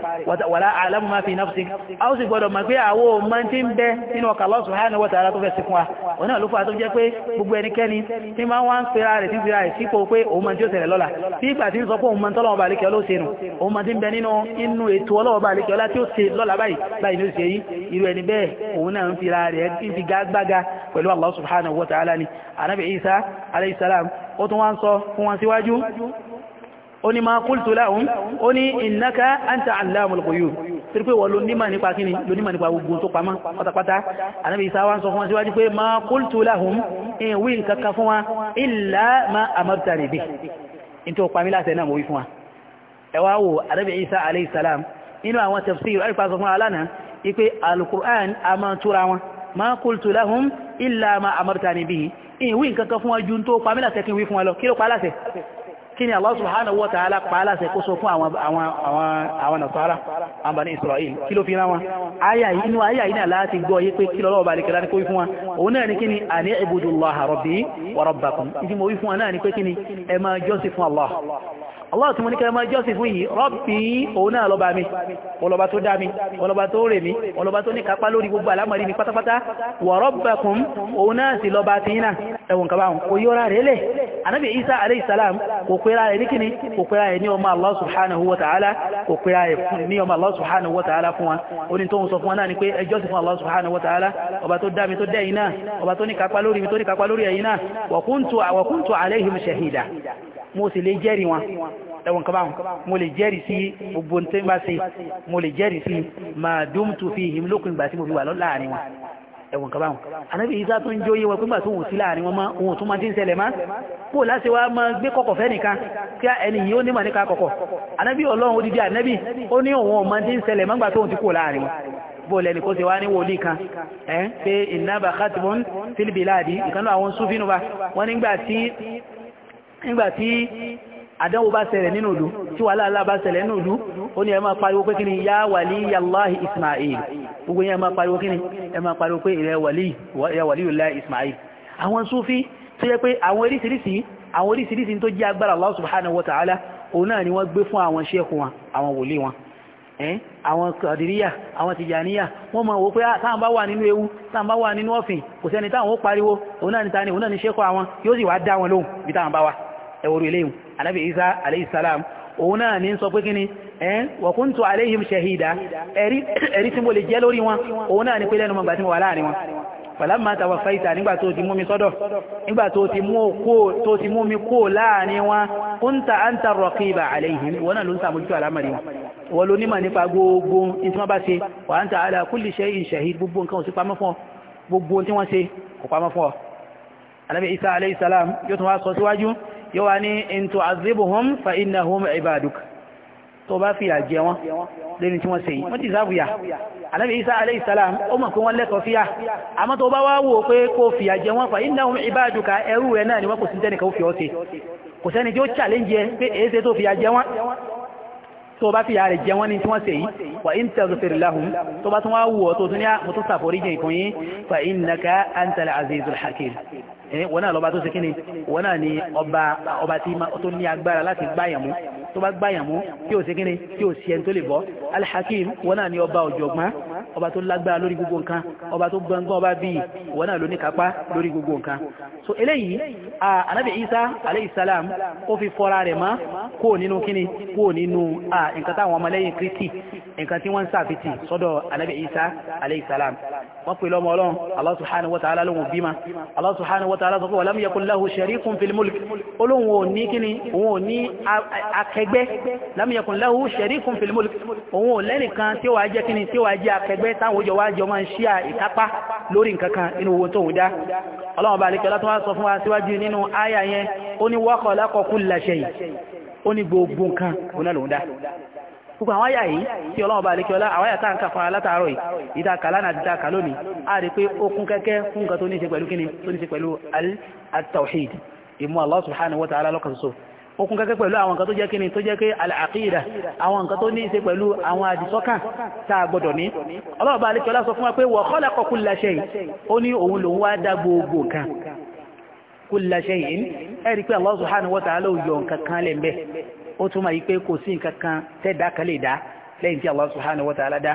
wàlá alamu ma fi nafsi a ó sì gbọdọ̀ mọ̀ pé àwo máa ti ń bẹ nínú ọkà allah subhanahu wa ta'ala tó fẹ́ sí fún wa òun náà ló fà tó jẹ́ pé gbogbo ẹnikẹ́ni tí máa wá ń pera rẹ̀ tí ń pera rẹ̀ sípò pé òun máa tí ó ṣẹlẹ̀ lọ́la àlékẹ́ ló ṣe nù òun máa ti ń bẹ nínú inú ètò ọlọ́wọ́ bá àlékẹ́ ọlá tí ó ṣe lọ́la báyìí báyìí ní oṣù yìí irú ẹni bẹ́ẹ̀ òun náà ń fi ra rẹ̀ ń fi gágbága pẹ̀lú Allah subhanahu wa ta'ala ni anabi Isa alayhi salam ó tún wá ń sọ fún wọn síwájú ó ní máa qultu lahum ó ní innaka anta allamul ghuyub tí pé wọ́n ló nímà nípa pàmílá tẹ́ mọ̀ wí fún wa ẹwà wò ànábì Isa alayhi salam nínú àwọn tafsir àríkà sọ fún alánà ipé alukur'an a máa túra wọn ma qultu lahum illa ma amartani bihi ìwí nkankan fún ọjú tó pàmílà tẹ́kí wí fún wọn lọ kí ló pàálàṣẹ kí ni Allah subhanahu wa ta'ala pàálàṣẹ kó sọ fún àwọn nasara àwọn bani Israel kí fi rán wọn ayà inú ayà iná láti gbọ́ yí pé kí lọ́wọ́ bá lè kẹ́lá ní kó wí fún ni kí ani ibudullaha rabbi wa rabbakum ìdí mo wí fún wọn náà ni pé kí ẹ máa jọ́sìn fún Allah Allah tí mo ní kẹrẹ máa jọ́sìn fún yìí Rabbi òun náà lọ́ba mi ọlọ́ba tó dá mi ọlọ́ba tó rè mí ọlọ́ba tó ní kápá lórí gbogbo àlámọ̀rí mi pátápátá wa Rabbakum òun náà sì lọ́ba ti yínà ẹ̀wọ̀n kaba kò yọra rẹ̀ Isa alayhi salam kò pera rẹ̀ ní kíni kò Allah subhanahu wa ta'ala kò Allah subhanahu wa ta'ala fún wa ó ní Allah subhanahu wa ta'ala ọba tó dá mi tó dẹ́ yìí náà ọba wa kuntu wa kuntu alayhim shahida mo sì lè jẹ́rìí wọn ẹwọ̀n kaba wọn mo lè jẹ́rìí sí gbogbo tí bá ṣe mo lè jẹ́rìí sí ma dumtu fihim lókun ìgbà tí mo fi wà láàrin wọn ẹwọ̀n kaba wọn anábì isa tó ń jó yé wọn pígbà tó wù sí láàrin wọn ohun tó máa ti ń ṣẹlẹ̀ má kó láti wá máa gbé kọ̀kọ̀ fẹ́ nìkan kí ẹni yìí ó ní mà níka kọ̀kọ̀ anábì ọlọ́run odidi anábì ó ní òun ọmọ ti ń ṣẹlẹ̀ mọ́gbà tó ti kó láàrin wọn bóòlẹ̀ ní kó se wá ní wòlí kan ẹ́ pé ìnábà khatibun fil biladi ìkanú àwọn súnfínú bá wọ́n nígbà tí nígbàtí àdánwò bá ṣẹlẹ̀ nínú ìlú tí wà láàlá bá ṣẹlẹ̀ nínú ìlú ó ní ẹ máa pariwo pé kíni ya wàlí yàláhì Ismail gbogbo yẹn máa pariwo kíni ẹ máa pariwo pé ìrẹ wàlí yàláhì Ismail àwọn súfí tó yẹ pé àwọn oríṣiríṣi àwọn oríṣiríṣi tó jẹ́ agbára Allah subhanahu wa ta'ala òun ni wọ́n gbé fún àwọn ṣẹ́kù wọn àwọn wòlí wọn àwọn kàdìríyà àwọn tìjàníyà wọ́n mọ̀ wó pé ah, ẹ̀wọ̀rù eléyìn anábì isa aleyhisalam òun náà ní sọ pé kíni ẹn wọ̀kúntù aléhìm ṣahida ẹ̀rí tí mo lè jẹ́ lórí wọn òun náà ní pé lẹ́nu mọ̀gbà tí mo wà láàrin wọn pẹ̀lámà tàwà fàíta nígbà tó ti mú mi sọ́dọ̀ nígbà tó ti mú mi kó láàrin wọn kúnta an ta raqiba aléhìm wọ́n náà ló ń sàmójútó alámàrí wọn wọ́n ló nímọ̀ nípa gbogbo tí wọ́n bá ṣe wà ń ta ala kulli shay'in shahid gbogbo nǹkan ò pamọ́ fún ọ gbogbo tí wọ́n ṣe kò pamọ́ fún ọ anábì isa alayhi yóò tún wá sọ síwájú yóò wá ní in tu'azzibuhum fa innahum ibaduk tó bá fi àjẹ wọn lẹ́ni tí wọ́n ṣe yìí wọ́n ti sáàbùyà anábi isa alayhi salam ó mọ̀ pé wọ́n lẹ́tọ̀ọ́ fíyà àmọ́ tó bá wá wò pé kó fi àjẹ wọn fa innahum ibaduka ẹrú rẹ̀ náà ni wọ́n kò sí tẹ́nìkan ó fi ọ́ ṣe kò sẹ́ni tí ó challenge tó bá fi ààrẹ jẹ wọ́n ní tí wọ́n ṣe yìí wà in taghfir lahum tó bá tún wá wù tó tún ní àmọ́tún ah, ṣàforíjì ìkùnyìn fa innaka antal azizul hakim Eh, wọn náà lọ́ba tó ṣe kí ni wọn náà ni ọba ọba tí ó ní agbára láti gbáyàn tó bá gbáyàn mú kí o ṣe kíni kí o ṣe ẹni tó lè bọ́ alhakim wọn náà ni ọba ọ̀jọ̀gbọ́n ọba tó lágbára lórí gbogbo nǹkan ọba tó gbọngbọ́n ọba bíi wọn náà ló ní kápá lórí gbogbo nǹkan so eléyìí anabi isa aleyhisalam ó fi fọ́ra rẹ̀ mọ́ kó nínú kíni kó nínú nǹkan táwọn ọmọlẹ́yìn kristi nǹkan tí wọ́n ń sàfitì sọ́dọ̀ anabi isa aleyhisalam wọ́n pè lọ́mọ ọlọ́run allah subhanahu wa ta'ala lóhun bímọ allah subhanahu wa ta'ala sọ pé walam yakun lahu sharikun fil ò ní kíni òun ò ní akẹ́ akẹgbẹ́ lam yakun lahu sharikun fil mulk òun ò lẹ́nìkan tí ó wà jẹ́ kíni tí ó wà jẹ́ akẹgbẹ́ táwọn òjò wájọ máa ń ṣí à ìkápá lórí nǹkankan inú owó tó ń dá ọlọ́run bá lè kẹ́lá tó wá sọ fún wa síwájú nínú áyà yẹn ó ní wa khalaqa kulla shay ó ní gbogbo nǹkan òun náà lòun dá gbogbo àwọn àyà yìí tí ọlọ́run bá lékẹ́ ọlá àwọn àyà táà ń kà fún alátàárọ̀ yìí ìdáka lánàá ti dáka lónìí a rí pé ó tawhid ìmú Allah subhanahu wa ta'ala lọ́kàn ṣoṣo okun kẹ́kẹ́ pẹ̀lú àwọn nǹkan tó jẹ́ kíni tó jẹ́ pé al-aqida àwọn nǹkan tó ní í ṣe pẹ̀lú àwọn àdìsọ́kàn tá a gbọ́dọ̀ ní ọlọ́ọ̀bá alẹ́kọ̀ọ́lá sọ fún wa pé wa khalaqa kulla shay'in ẹ̀rí pé Allah subhanahu wa ta'ala yọ nǹkan kan lẹ̀ mbẹ́ ó túmọ̀ yí pé kò sí nǹkan kan tẹ́dá kan lè dá lẹ́yìn tí Allah subhanahu wa ta'ala dá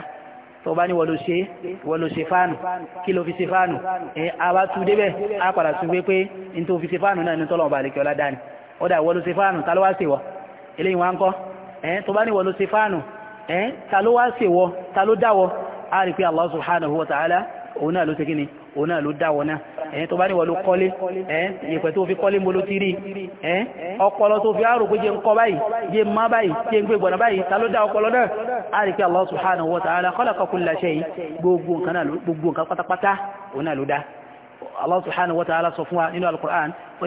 tó bá ní wọ́n ọ̀dà ìwọ ló ṣe fáànù ta ló wá ṣèwọ eléyìí wá ń kọ́ ẹ̀ tó bá ní ìwọ ló ṣe fáànù ẹ̀ ta ló wá ṣèwọ ta ló dáwọ a rí pé Allah subhanahu wa ta'ala òun náà ló ṣe kíni òun náà ló dáwọ náà ẹ̀ tó bá ní ìwọ ló kọ́lé ẹ̀ ìyẹ̀pẹ̀ tó fi kọ́lé mo ló Allah subhanahu wa ta'ala sọ fún wa nínú al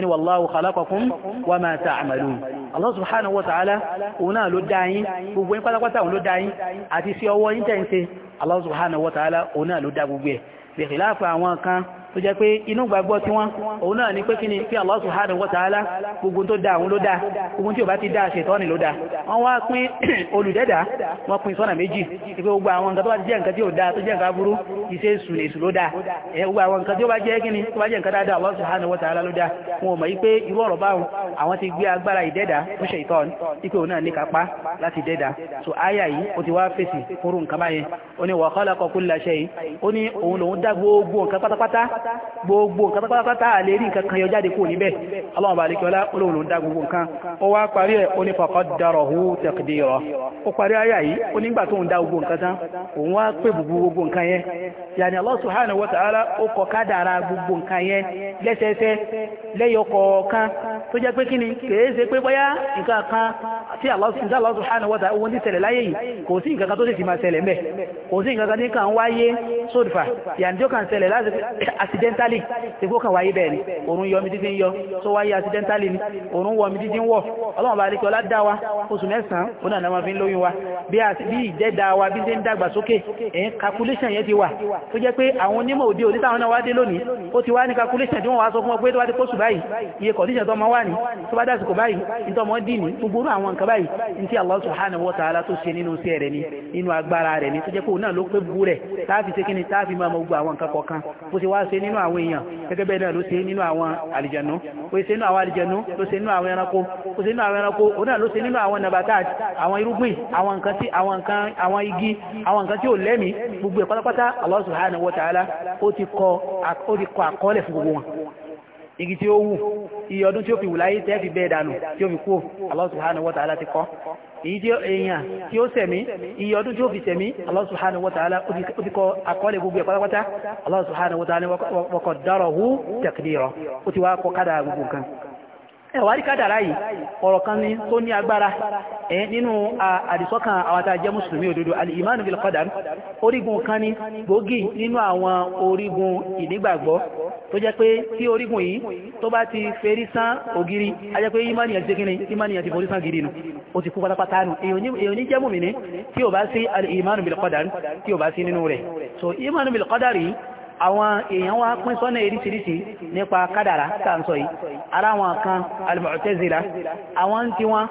ó ní wallahu khalaqakum wa ma ta'malun Allah subhanahu wa ta'ala òun náà ló dá yín gbogbo yín pátápátá òun ló dá yín àti sí ọwọ́ yín tẹ̀ Allah subhanahu wa ta'ala òun náà ló dá gbogbo bi khilafi àwọn kan tó jẹ́ pé inú gbàgbọ́ tí wọ́n òun náà ní pé kí ni kí Allah subhanahu wa ta'ala gbogbo tó dáa òun ló dáa gbogbo tí ò bá ti dáa ṣètọ́nì ló dáa wọ́n wá pín olùdẹ́dà wọ́n pín sọ́nà méjì pé gbogbo àwọn nǹkan tó bá ti jẹ́ nǹkan tí ò dáa tó jẹ́ nǹkan aburú iṣẹ́ èṣù lè ṣù ló dáa gbogbo àwọn nǹkan tí ó bá jẹ́ kí ni tó bá jẹ́ nǹkan dáadáa ipe òun náà ní kápá so áyà yìí ó ti wá fèsì fúrú nǹkan báyẹn ó ní wa khalaqa kulla shay ó pátápátá gbogbo nǹkan pátápátá àlè rí nǹkan kan yọ jáde kò níbẹ̀ Allahu bàálẹ̀ kí ọlá olóòlù ń dá gbogbo nǹkan ó wá parí ẹ̀ ó ní faqaddarahu taqdira ó parí ayà yìí ó nígbà tó ń dá gbogbo nǹkan tán òun wá pè gbogbo gbogbo nǹkan yẹn yàní Allah subhanahu wa ta'ala ó kọ kádàrá gbogbo nǹkan yẹn lẹ́sẹẹsẹ lẹ́yọ kọ̀ọ̀kan tó jẹ́ pé kí ni kèé pé bóyá nǹkan kan tí Allah subhanahu wa ta'ala owó ní tẹ̀lẹ̀ láyé yìí kò sí nǹkan kan tó sì ti máa ṣẹlẹ̀ mẹ́ kò sí nǹkan kan ní kàn wáyé sódìfà yàní tí kàn ṣẹlẹ̀ láti accidentally ṣègbó kan wáyé bẹ́ẹ̀ ni òrùn yọ mi dídí ń yọ tó wáyé accidentally ni òrùn wọ mi dídí ń wọ̀ ọlọ́run bá alékẹ́ ọlá dá wa oṣù mẹ́sàn-án ó náà náà fi ń lóyún wa bí ìjẹ́dá wa bí ṣe ń dàgbà sókè ẹ̀yìn calculation yẹn ti wà tó jẹ́ pé àwọn onímọ̀ òde òní táwọn náà wá dé lónìí ó ti wá ní calculation tí wọ́n wá sọ fún ọ pé tó bá ti kóṣù báyìí iye condition tó ọmọ wà ní tó bá dásìkò báyìí ní tó dì ní gbogbo àwọn nǹkan báyìí ní tí Allah subhanahu wa ta'ala tó ṣe nínú iṣẹ́ rẹ̀ ni nínú agbára rẹ̀ ni tó jẹ́ pé òun náà ló pé bú rẹ̀ táàfi ṣe kí ni táàfi máa mọ gbogbo àwọn nǹkan kọ̀ọ̀kan bó ṣe wá ṣe ṣe nínú àwọn èèyàn gẹ́gẹ́ bẹ́ẹ̀ náà ló ṣe nínú àwọn àlìjẹ̀nú ó ṣe nínú àwọn àlìjẹ̀nú ló ṣe nínú àwọn ẹranko ó ṣe nínú àwọn ẹranko ó náà ló ṣe nínú àwọn nabataj àwọn irúgbìn àwọn nǹkan tí àwọn nǹkan àwọn igi àwọn nǹkan tí ò lẹ́mìí gbogbo ẹ̀ pátápátá Allah subhanahu wa ta'ala ó ti kọ àkọọ́lẹ̀ fún gbogbo wọn igi tí ó wù iye ọdún tí ó fi wù láyé tẹ́ bẹ́ẹ̀ dànù tí ó fi kú Allah subhanahu wa ti kọ́ èyí tí èèyàn tí ó sẹ̀mí iye ọdún tí ó fi sẹ̀mí Allah subhanahu wa ta'ala ó ti kọ àkọọ́lẹ̀ gbogbo ẹ̀pátápátá Allah subhanahu wa ta'ala wa qaddarahu taqdira ó ti wá kọ kádà gbogbo nǹkan ẹ̀wàrí kádàrá yìí ọ̀rọ̀ kan ní tó ní agbára ẹ̀ nínú àdìsọ́kàn àwọn a jẹ́ mùsùlùmí òdodo alìmánu bil qadar orígun kan ní gbòógì nínú àwọn orígun ìnígbàgbọ́ tó jẹ́ pé tí orígun yìí tó bá ti fèrí sán ògiri a jẹ́ pé ìmánìyàn ti kíni ìmánìyàn ti forí sán gidi nù ó ti kú pátápátá nù èyàn ní jẹ́ mùmínì tí ò bá sí alìmánu bil qadar tí ò so ìmánu bil qadar àwọn èèyàn wá pín sọ́nà èríṣiríṣi nípa kádàrá tàǹsọ̀ yìí ara wọn kan al-Mu'tazila àwọn tí wọ́n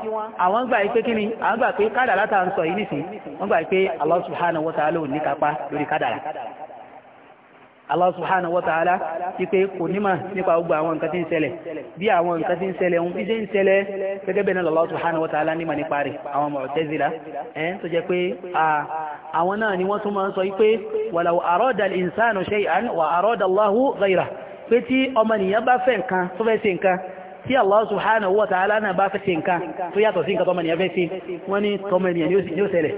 àwọn gbà pé ni àwọn gbà pé kádàrá tàǹsọ̀ yìí nìsí wọ́n gbà pé Allah subhanahu wa ní kápá lórí kádàrá Allah subhanahu wa ta'ala ti pé kò nímà nípa gbogbo àwọn nǹkan tí ń ṣẹlẹ̀ bí àwọn nǹkan tí ń ṣẹlẹ̀ ohun bí ṣe ń ṣẹlẹ̀ gẹ́gẹ́ bẹ̀rẹ̀ Allah subhanahu wa ta'ala nímà nípa rẹ̀ àwọn Mu'tazila ẹ̀ tó jẹ́ pé àwọn náà ni wọ́n tún máa ń sọ walau arada al-insanu shay'an wa arada Allahu ghayrahu pé tí ọmọnìyàn bá fẹ́ nǹkan tó fẹ́ ṣe nǹkan tí Allah subhanahu wa ta'ala náà bá fẹ́ ṣe nǹkan tó yàtọ̀ sí nǹkan tọmọnìyàn fẹ́ ṣe wọ́n ní tọmọnìyàn ni ó ṣẹlẹ̀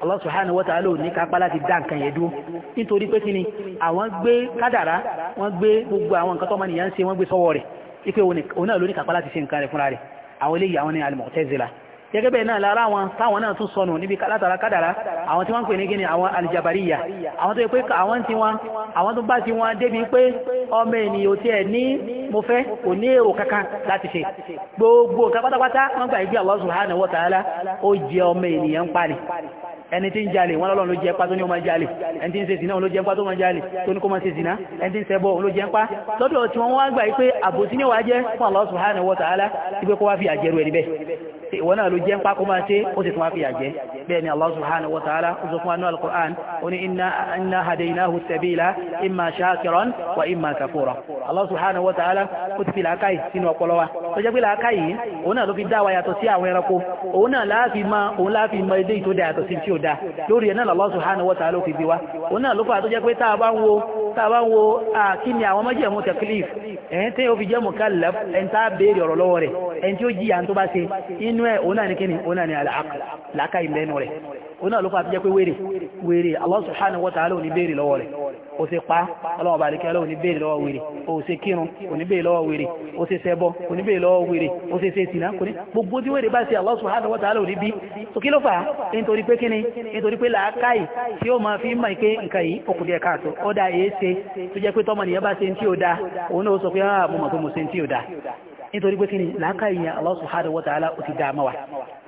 Allah subhanahu wa ta'ala ní kápá láti dá nǹkan yẹn dúró nítorí pé kí ni àwọn gbé kádàrá wọ́n gbé gbogbo àwọn nǹkan tọ́mọ nìyẹn ń ṣe wọ́n gbé sọ́wọ́ rẹ̀ ipe òun náà ló ní kápá láti ṣe nǹkan rẹ̀ fúnra rẹ̀ àwọn eléyìí àwọn ní al-Mu'tazila gẹ́gẹ́ bẹ́ẹ̀ náà lára àwọn táwọn náà tún sọnù níbi látara kádàrá àwọn tí wọ́n ń pè ní gíní àwọn alìjàbàríyà àwọn tó yẹ pé àwọn tí wọ́n àwọn tó bá ti wọ́n débi pé ọmọ ènìyàn tí ẹ̀ ní mo fẹ́ kò ní èrò kankan láti ṣe gbogbo nǹkan pátápátá wọ́n gbà ìgbé Allah subhanahu wa ta'ala ó jẹ ọmọ ènìyàn ń pani ẹni tí ń jalè wọn lọ́lọ́run ló jẹ́ pá tó ní ó máa jalè ẹni tí ń ṣe zina ló jẹ́ pá tó máa jalè tó ní kó máa ṣe zina ẹni tí ń ṣẹbọ ló jẹ́ pá lọ́dọ̀ tí wọ́n wá gbà yí pé àbòsí ní wàá jẹ́ fún Allah subhanahu wa ta'ala ipe kó wá fi àjẹrù ẹni bẹ́ẹ̀ ìwọ náà ló jẹ́ ń pákó máa ṣe ó sì tún wá fìyà jẹ́ bẹ́ẹ̀ ni Allah subhanahu wa ta'ala ó sọ fún anú al-Qur'an ó ní inna hadaynahu as-sabila imma shakiran wa imma kafura Allah subhanahu wa ta'ala ó ti fi làákàyè sínú ọpọlọ wa jẹ́ pé làákàyè òun náà ló fi dá yàtọ̀ sí àwọn ẹranko òun náà láàfin ma òun láàfin ma ilé ìtó da sí tí ó da lórí ẹ̀ Allah subhanahu wa ta'ala ó fi bí wa òun náà ló fà tó jẹ́ pé tá a bá ń wo tá a bá ń wo kí ni àwọn májẹ̀mú taklif ẹ̀yìn tí ó fi jẹ́ mukallaf ẹ̀ ń nínú ẹ̀ òun náà ní kíni òun náà ní àlàákà làákà ìlẹ́nu rẹ̀ òun náà ló fà jẹ́ pé wèrè wèrè Allah subhanahu wa ta'ala lọ́wọ́ rẹ̀ o ṣe pa ọlọ́wọ́ bàríkẹ́ ọlọ́wọ́ òní lọ́wọ́ wèrè ó ṣe kírun òní lọ́wọ́ wèrè òní lọ́wọ́ wèrè gbogbo tí wèrè bá ṣe Allah subhanahu wa bí so kí ló fà nítorí pé kíni nítorí pé tí ó máa fi nítorí pé kí ni làákà ìyẹn Allah subhanahu wa ta'ala ó ti dá mọ́ wa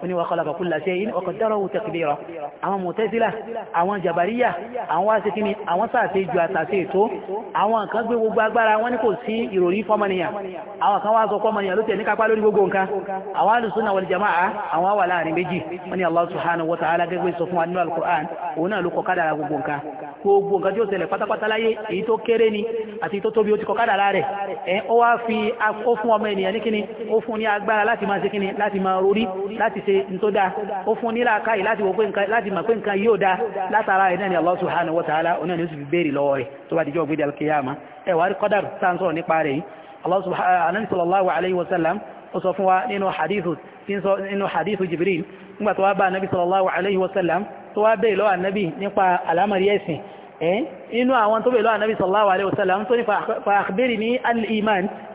ó ní wa khalaqa kulla shay'in wa qaddarahu taqdira àwọn Mu'tazila àwọn Jabariya àwọn wá sí kí ni àwọn sàṣe ju àtàṣe ètò àwọn kan gbé gbogbo agbára wọn ni kò sí ìròrí fọmọnìyàn àwọn kan wá sọ fọmọnìyàn ló tẹ̀ ní kápá lórí gbogbo nǹkan àwọn alùsùnà wal jama'a àwọn wà láàrin méjì wọn ni Allah subhanahu wa ta'ala gẹ́gẹ́ sọ fún wa gbogbo nǹkan tí ó ṣẹlẹ̀ pátápátá láyé èyí tó kéré ni àti tó tóbi ó ti kọ kádàrà rẹ̀ ẹ̀ ó wá fi ó fún ọmọ ènìyàn èèyàn ní kíni ó fún ní agbára láti máa ṣe kíni láti máa rorí láti ṣe ní tó dáa ó fún ní làákàyè láti wò pé nǹkan láti mọ̀ pé nǹkan yóò dáa látara ẹ̀ náà ni Allah subhanahu wa ta'ala oní ọ̀nà oṣù béèrè lọ́wọ́ rẹ̀ tó bá dijọ́ gbéde alkiyama ẹ̀ wà á rí kọ́dàrú tá à ń sọ̀rọ̀ nípa rẹ̀ yìí Allah sallallahu alayhi wa sallam ó sọ fún wa nínú hadithu nínú hadithu Jibril nígbà tó wá bá anabi sallallahu alayhi wa sallam tó wá béèrè lọ́wọ́ anabi nípa àlámàrí ẹ̀sìn ẹ̀ inú àwọn tó béèrè lọ́wọ́ anabi sallallahu alayhi wa sallam tó ní fa akhbirni al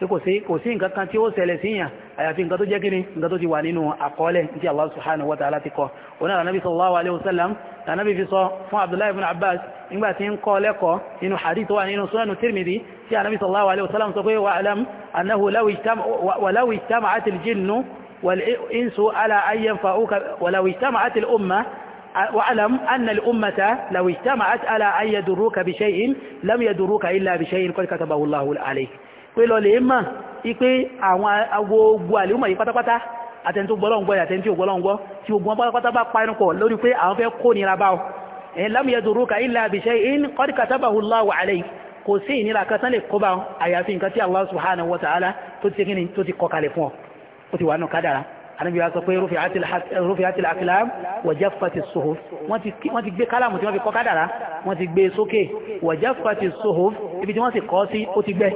tí kò sí kò sí nǹkan kan tí ó ṣẹlẹ̀ síyàn àyàfi nǹkan tó jẹ́ kíni nǹkan tó ti wà nínú àkọọ́lẹ̀ tí Allah subhanahu wa ta'ala ti kọ oní ànábì sallallahu alaihi wasallam ànábì fi sọ fún Abdullahi ibn Abbas nígbà tí ń kọ́ lẹ́kọ̀ọ́ nínú hadith tó wà nínú sunanu Tirmidhi tí ànábì sallallahu alaihi wasallam sọ pé wa alam annahu law ijtama'at al-jinnu wal insu ala an yanfa'uka wa law ijtama'at al-umma واعلم أن الأمة لو اجتمعت على أن يدروك بشيء لم يدروك إلا بشيء قد كتبه الله عليك pé lọ lè mọ̀ ipé àwọn agbogbo àlèúmọ̀ yìí pátápátá àtẹni tó gbọ́lọ́ gbọ́ àtẹni tí ò gbọ́lọ́ gbọ́ tí ogun pátápátá bá parí pọ̀ lórí pé àwọn fẹ́ kó nira bá ọ ẹ̀yìn lam yaduruka illa bi shay'in qad katabahu Allahu alayk kò sí ìnira kan tán lè kó bá ọ àníbi wa sọ pé rúfin àti àkìlám wọ̀jẹ́fàtì sòhòf wọ́n ti gbé kálàmù tí wọ́n fi kọ́ kádàrá wọ́n ti gbé e sókè wọ̀jẹ́fàtì sòhòf ibi tí wọ́n sì kọ́ sí ó ti gbẹ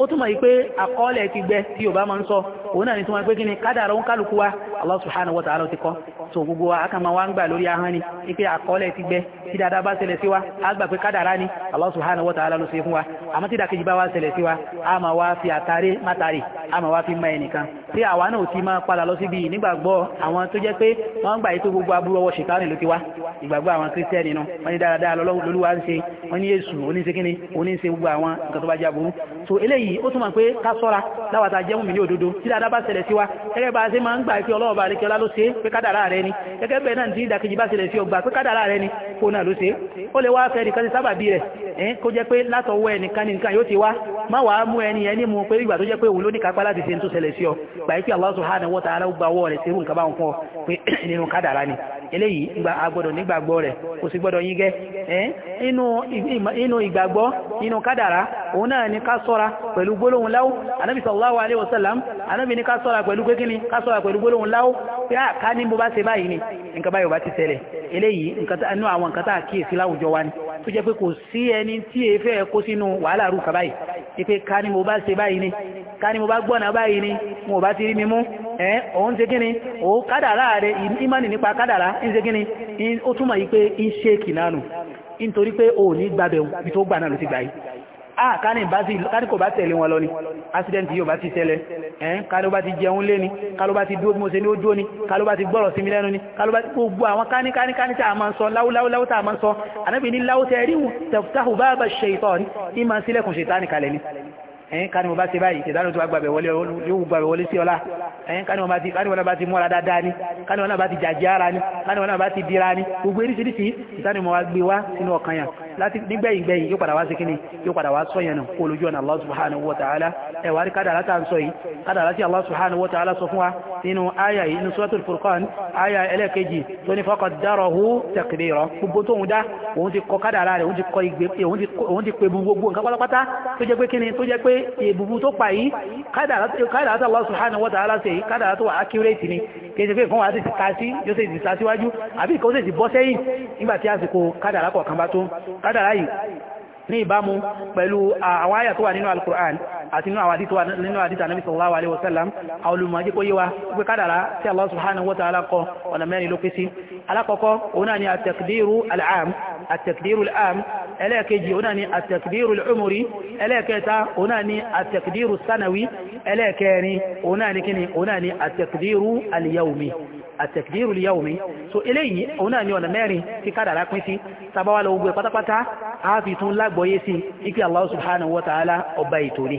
ó túnmọ̀ yí pé àkọọ́lẹ̀ ti gbẹ tí Yorùbá máa ń sọ òun náà ni tí wọ́n pé kí ni kádàrá ń kálukú wa Allah subhanahu wa ta'ala ti kọ́ so gbogbo wa aka ma wa ń gbà lórí ahọ́n ni ní pé àkọọ́lẹ̀ ti gbẹ tí dáadáa bá ṣẹlẹ̀ sí wa a gbà pé kádàrá ni Allah subhanahu wa ta'ala ló ṣe fún wa àmọ́ tí dàkejì bá wá ṣẹlẹ̀ sí wa a máa fi àtàrí mátàrí a máa fi mọ ẹnìkan tí àwa náà ti máa padà lọ síbi ìnígbàgbọ́ àwọn tó jẹ́ pé wọ́n gbà ètò gbogbo aburú ọwọ́ ṣètánì lókè wá ìgbàgbọ́ àwọn kírísítẹ́nì nu wọ́n ní dáradára lọ́lọ́wọ́ ń ṣe wọ́n ní èṣù oníṣekíní oníṣe gbogbo àwọn nǹkan tó bá jẹ́ aburú so eléyìí ó túnmọ̀ pé ká sọ́ra láwàtà jẹ́ mùmí ní òdodo tí dáadáa bá ṣẹlẹ̀ sí wa gẹ́gẹ́ bá a ṣe máa ń gbà pé ọlọ́wọ́ bá lékẹ́ ọlá ló ṣe pé kádàrá rẹ ni gẹ́gẹ́ bẹ́ẹ̀ náà ní ìdàkejì bá ṣẹlẹ̀ sí ọgbà pé kádàrá rẹ ni kó náà ló ṣe ó lè wá fẹ́ nìkan ti sábàbí rẹ̀ ẹ̀ kó jẹ́ pé látọwọ́ ẹnìkan nìkan yóò ti wá má wàá mú ẹni ẹni mú pé ìgbà tó jẹ́ pé òun ló ní kápá láti ṣe ń tó ṣẹlẹ̀ sí ọ gbà pé Allah subhanahu wa ta'ala ó gbà ọwọ́ rẹ̀ ṣerú nǹkan báwọn fún ọ pé nínú kádàrá ni eléyìí gba agbọ́dọ̀ nígbàgbọ́ rẹ̀ kò sì gbọ́dọ̀ yín gẹ́ inú ìgbàgbọ́ inú kádàrá òun náà ni ká sọ́ra pẹ̀lú gbólóhùn láwú anábì sallallahu alaihi wasallam anábì ni ká sọ́ra pẹ̀lú kékíní ká sọ́ra pẹ̀lú gbólóhùn láwú pé àká ní bó bá ṣe báyìí ni nǹkan báyìí bá ni tó jẹ́ pé kò sí ẹni tí e fẹ́ kó sínú wàhálà rú kàbáyìí ipe bá ni ká ní mo bá gbọ́nà báyìí ni mo bá ti rí ni òun kádàrá ń ṣe gíní ó túnmọ̀ yí pé ń ṣe kìnánù nítorí pé ò ní gbàbẹ̀ bí tó gbà náà ló ti gbà yìí ah káni kò bá tẹ̀lé wọn lọ ni accident yóò bá ti tẹ́lẹ̀ ẹ̀ẹ́n káló bá ti jẹun lé ni káló bá ti dúó bí mo ṣe ní ó dúó ni káló bá ti gbọ́rọ̀ sí mi lẹ́nu ni káló bá ti gbogbo àwọn káni káni káni tá a máa ń sọ láwúláwúláwú tá a máa ń ni ẹ̀yìn ká ní mo bá ṣe báyìí ìṣẹ̀dánù tó wá gbàbẹ̀ wọlé yóò gbàbẹ̀ wọlé sí ọlá ẹ̀yìn ká ní wọn náà bá ti múra dáadáa ni ká ní wọn bá ti jàjẹ́ ara ni ká ní wọn náà bá ti dira ni gbogbo eríṣiríṣi ìṣẹ̀dánù mo wá gbé wá sínú ọkàn yàn láti nígbẹ̀yìngbẹ̀yìn yóò padà wá sí kíní yóò padà wá sọ́yẹn nù kó lójú ọ̀nà Allah subhanahu wa ta'ala ẹ̀wà rí kádàrá tá ń sọ yìí kádàrá tí Allah subhanahu wa ta'ala sọ fún wa nínú àyà yìí nínú suratul furqan àyà tó ní faqaddarahu dá òun àsìkò kádàrá kọ̀ọ̀kan bá tó kádàrá yìí ní ìbámu pẹ̀lú àwọn àyà tó wà nínú al-Qur'an àti nínú àwọn àdítọ́ nínú àdítà Nabi sallallahu alaihi wasallam àwọn olùmọ̀jí kó yíwa pé kádàrá tí Allah subhanahu wa ta'ala kọ ọ̀nà mẹ́rin ló pín sí alákọ̀ọ́kọ́ òun náà ni at-takdiru al-am at-takdiru al-am ẹlẹ́ẹ̀kejì òun náà ni at-takdiru al-umri ẹlẹ́ẹ̀kẹta òun náà ni at-takdiru sanawi lè yàwó mi so eléyìí òun náà ni ọ̀nà mẹ́rin tí kádàrá pín sí tàbáwà lọ gbogbo pátápátá a fi tún lágbọ́yé sí ikú Allah subhanahu wa ta'ala ọba ètò ni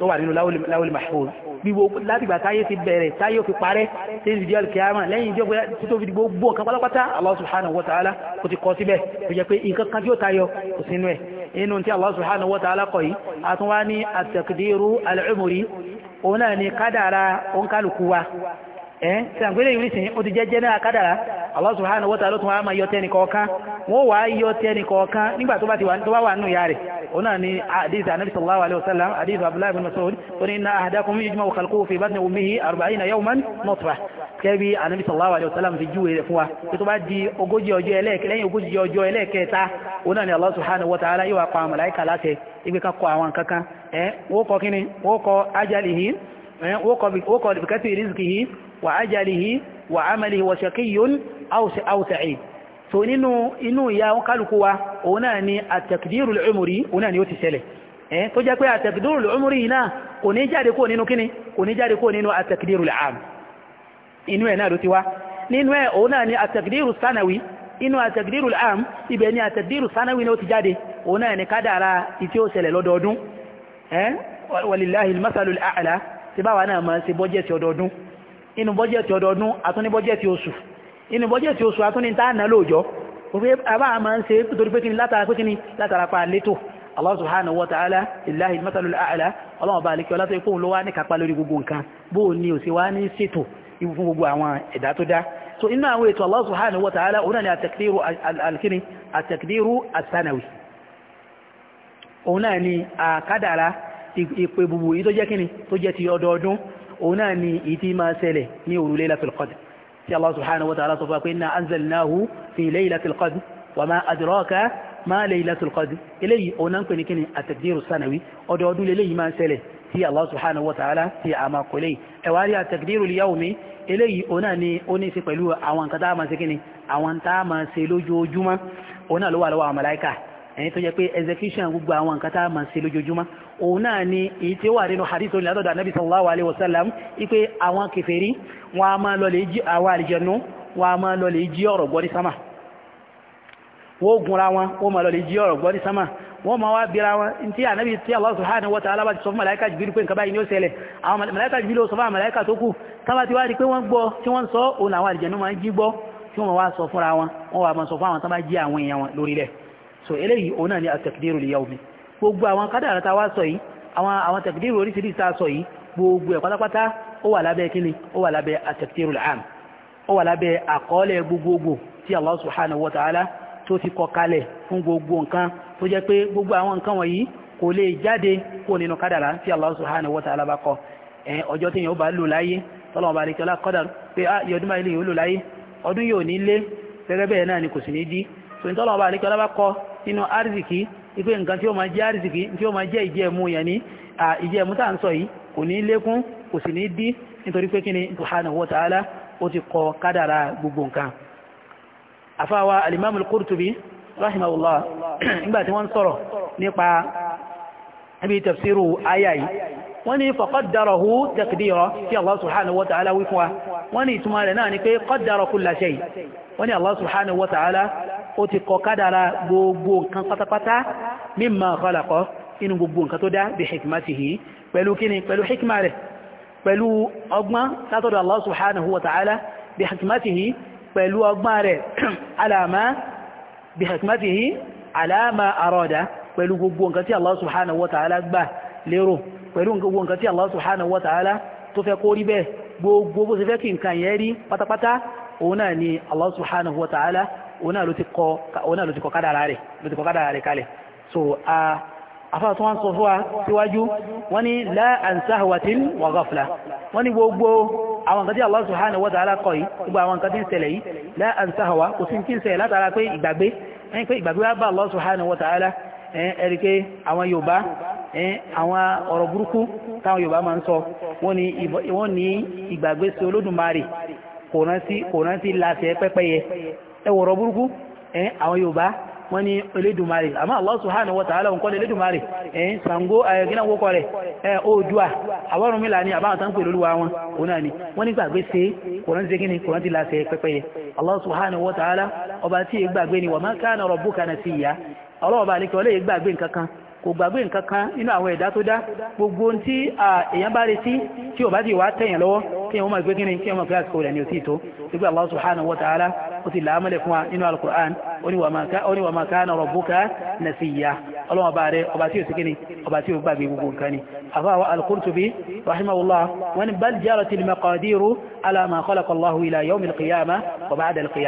tó wà nínú láwọlì mahfuz gbígbó látìgbà táyé ti bẹ̀rẹ̀ táyé ò fi parẹ́ tí ìdí alkiyama lẹ́yìn ìjọba tí tó fi gbogbo ọ̀kan pálápátá Allah subhanahu wa ta'ala kò ti kọ síbẹ̀ tó jẹ́ pé nǹkan kan tí ó tayọ kò sínú ẹ̀ ẹ́ eh, sàǹgbélé yìí nìsìn ó ti jẹ́ jẹ́nẹ́ra kádàrá Allah subhanahu wa ta'ala tún wá máa yọ tẹ́nì kọ̀ọ̀kan wọ́n wá yọ tẹ́nì kọ̀ọ̀kan nígbà tó bá ti wà wà nù yá rẹ̀ òun náà ni hadith anabi sallallahu alayhi wa sallam hadith abdullahi bin masoud ó ní inna ahadakum yujma'u khalquhu fi batni ummihi arba'ina yawman nutfa kẹ́bi anabi sallallahu alayhi wa sallam fi júwe rẹ̀ fún wa pé tó bá di ogójì ọjọ́ ẹlẹ́ẹ̀kẹ́ lẹ́yìn ogójì ọjọ́ ẹlẹ́ẹ̀kẹta òun náà ni Allah subhanahu wa ta'ala yóò wá pa àwọn màláìkà láti ẹgbẹ́ ká kọ àwọn kankan ẹ̀ eh, wọ́n kọ kíni wọ́n kọ ajalihin وقع بكثير رزقه وعجله وعمله وشقي أو أو سعيد so nínú inú ìyá kálukú wa òun náà ni àtẹ̀kìdírù l'umuri òun náà ni ó ti ṣẹlẹ̀ ẹ́ eh, tó jẹ́ pé àtẹ̀kìdírù l'umuri náà kò ní jáde kó nínú kíni kò ti wá nínú ẹ̀ òun ni àtẹ̀kìdírù sanawi inú àtẹ̀kìdírù l'am ibẹ̀ ni àtẹ̀kìdírù sanawi ni ti jáde òun ni kádàrá ìtí ó ṣẹlẹ̀ lọ́dọọdún ẹ́ eh, walillahi al a'la ti báwa náà máa ṣe bọ́jẹ̀tì ọdọọdún inú bọ́jẹ̀tì ọdọọdún àtúní bọ́jẹ̀tì oṣù inú bọ́jẹ̀tì oṣù àtúní tá àná lóòjọ́ òfé àbá máa ń ṣe nítorí pé kí ni látara pé kí ni látara pa létò Allah subhanahu wa ta'ala so inú àwọn ètò Allah subhanahu wa ta'ala òun náà ni àtẹ̀kìdírú alkini àtẹ̀kìdírú ìpè bùbù yìí tó jẹ́ kíni tó jẹ́ ti ọdọọdún òun náà ni èyí tí máa ṣẹlẹ̀ ní òru Laylatul Qadr tí Allah subhanahu wa ta'ala sọ fún wa pé inna anzalnahu fi Laylatil Qadr wa ma adraka ma Laylatul Qadr eléyìí òun náà pè ní kíni at-taqdiru sanawi ọdọọdún lélẹ́yìí léyìí máa ṣe kíni àwọn ẹ̀yìn tó jẹ́ pé execution gbogbo àwọn nǹkan tá a máa ṣe lójoojúmọ́ òun náà ni èyí tí ó wà nínú hadith orin látọ̀dọ̀ anábì sallallahu alaihi wasallam wípé àwọn kèfèrí wọn a máa lọlẹ̀ jí àwọn àlìjẹnu wọn a máa lọlẹ̀ jí ọ̀rọ̀ gbọ́ ní sámà wọ́n gunra wọn wọ́n máa lọlẹ̀ jí ọ̀rọ̀ gbọ́ ní sámà wọ́n máa wá bíra wọn tí anábì tí Allah subhanahu wa ta'ala bá ti sọ fún màláìka jìbìrì pé nǹkan báyìí ni ó ṣẹlẹ̀ àwọn màláìka jìbìrì ó sọ fún àwọn màláìka tó kù tábà ti wá rí pé wọ́n gbọ́ tí wọ́n sọ òun àwọn àlìjẹnu máa ń jí gbọ́ tí wọ́n wá sọ fúnra wọn wọ́n wá máa sọ fún àwọn tábà jí àwọn èèyàn wọn lórílẹ̀ so eléyìí òun náà ni àtẹ̀kìdírù lè yá omi gbogbo àwọn kádàrà tá a wá sọ yìí àwọn àwọn tẹ̀kìdírù oríṣiríṣi tá a sọ yìí gbogbo ẹ̀ pátápátá ó wà lábẹ́ kíni ó wà lábẹ́ àtẹ̀kìdírù lè ó wà lábẹ́ àkọọ́lẹ̀ gbogbogbò tí Allah subhanahu wa tó ti kọ kalẹ̀ fún gbogbo nǹkan tó jẹ́ pé gbogbo àwọn nǹkan wọ̀nyí kò lè jáde kó nínú kádàrà tí Allah nínú arziki ipe nǹkan tí ó máa jẹ́ arziki tí ó máa jẹ́ ìjẹ́mú yẹn ni ìjẹ́mú tá à ń sọ yìí kò ní lékún kò sì ní dí nítorí pé kí ni subhanahu wa ta'ala ó ti kọ kádàrà gbogbo nǹkan àfáwa alimami al-Qurtubi rahimahullah nígbà tí wọ́n sọ̀rọ̀ nípa ibi tafsiru aya yìí wọ́n ní faqaddarahu taqdira tí Allah subhanahu wa ta'ala wí fún wa wọ́n ní ìtumọ̀ náà ni pé qaddara kulla shay wọ́n ní Allah subhanahu wa ta'ala ó ti kọ kádàrà gbogbo nǹkan pátápátá mimma khalaqa inú gbogbo nǹkan tó dá bi hikmatihi pẹ̀lú kíni pẹ̀lú hikma rẹ̀ pẹ̀lú ọgbọ́n látọ̀dọ̀ Allah subhanahu wa ta'ala bi hikmatihi pẹ̀lú ọgbọ́n rẹ̀ alama bi hikmatihi alama arada pẹ̀lú gbogbo nǹkan tí Allah subhanahu wa ta'ala gbà lérò pẹ̀lú gbogbo nǹkan tí Allah subhanahu wa ta'ala òun náà ni Allah subhanahu wa ta'ala òun náà ló ti kọ kádàrà rẹ̀ ló ti kọ kádàrà rẹ̀ kalẹ̀ so afáà tó wá sọ fún wa síwájú wọ́n ni láàánsahwatin wa ghafla wọ́n ni gbogbo àwọn nǹkan tí Allah subhanahu wa ta'ala kọ yìí gbogbo àwọn nǹkan tí ń ṣẹlẹ̀ yìí láàánsahwa kò sí kí ń ṣẹlẹ̀ látara pé ìgbàgbé ẹni pé ìgbàgbé wá bá Allah subhanahu wa ta'ala ẹ̀rí pé àwọn Yorùbá àwọn ọ̀rọ̀ burúkú táwọn Yorùbá máa ń sọ wọ́n ni ìgbàgbé sí Olódùmarè kò rántí láti pẹ́pẹ́yẹ ẹwọ̀rọ̀ burúkú ẹ̀yìn àwọn Yorùbá wọ́n ní Elédùmarè àmọ́ Allah subhanahu wa ta'ala òǹkọ́ Elédùmarè ẹ̀yìn Ṣàngó ayẹ̀gínà wókọ́ rẹ̀ ẹ̀ Oòduà àwọ́rùnmílà ní àbáwọn tán pè lólúwa wọn òun náà ni wọ́n ní gbàgbé ṣe kòrán ti gíní kòrán ti láṣẹ pẹ́pẹ́yẹ Allah subhanahu wa ta'ala ọba tí ì gbàgbé ni wa ma kana rabbuka nasiya ọlọ́ọ̀bá àlekẹ́ ọlẹ́yẹ gbàgbé nǹkan kò gbàgbé nǹkan kan nínú àwọn ẹ̀dá tó dá gbogbo tí èèyàn bá retí tí ò bá ti wà tẹ̀yàn lọ́wọ́ kí èèyàn mọ̀ pé kí ni kí èèyàn mọ̀ pé àsìkò rẹ̀ ni ò tí ì tó gbígbà Allah subhanahu wa ta'ala ó ti là á mọ́lẹ̀ fún wa nínú al-Qur'an ó ní wa ma kana rabbuka nasiya ọlọ́wọ́n bá rẹ̀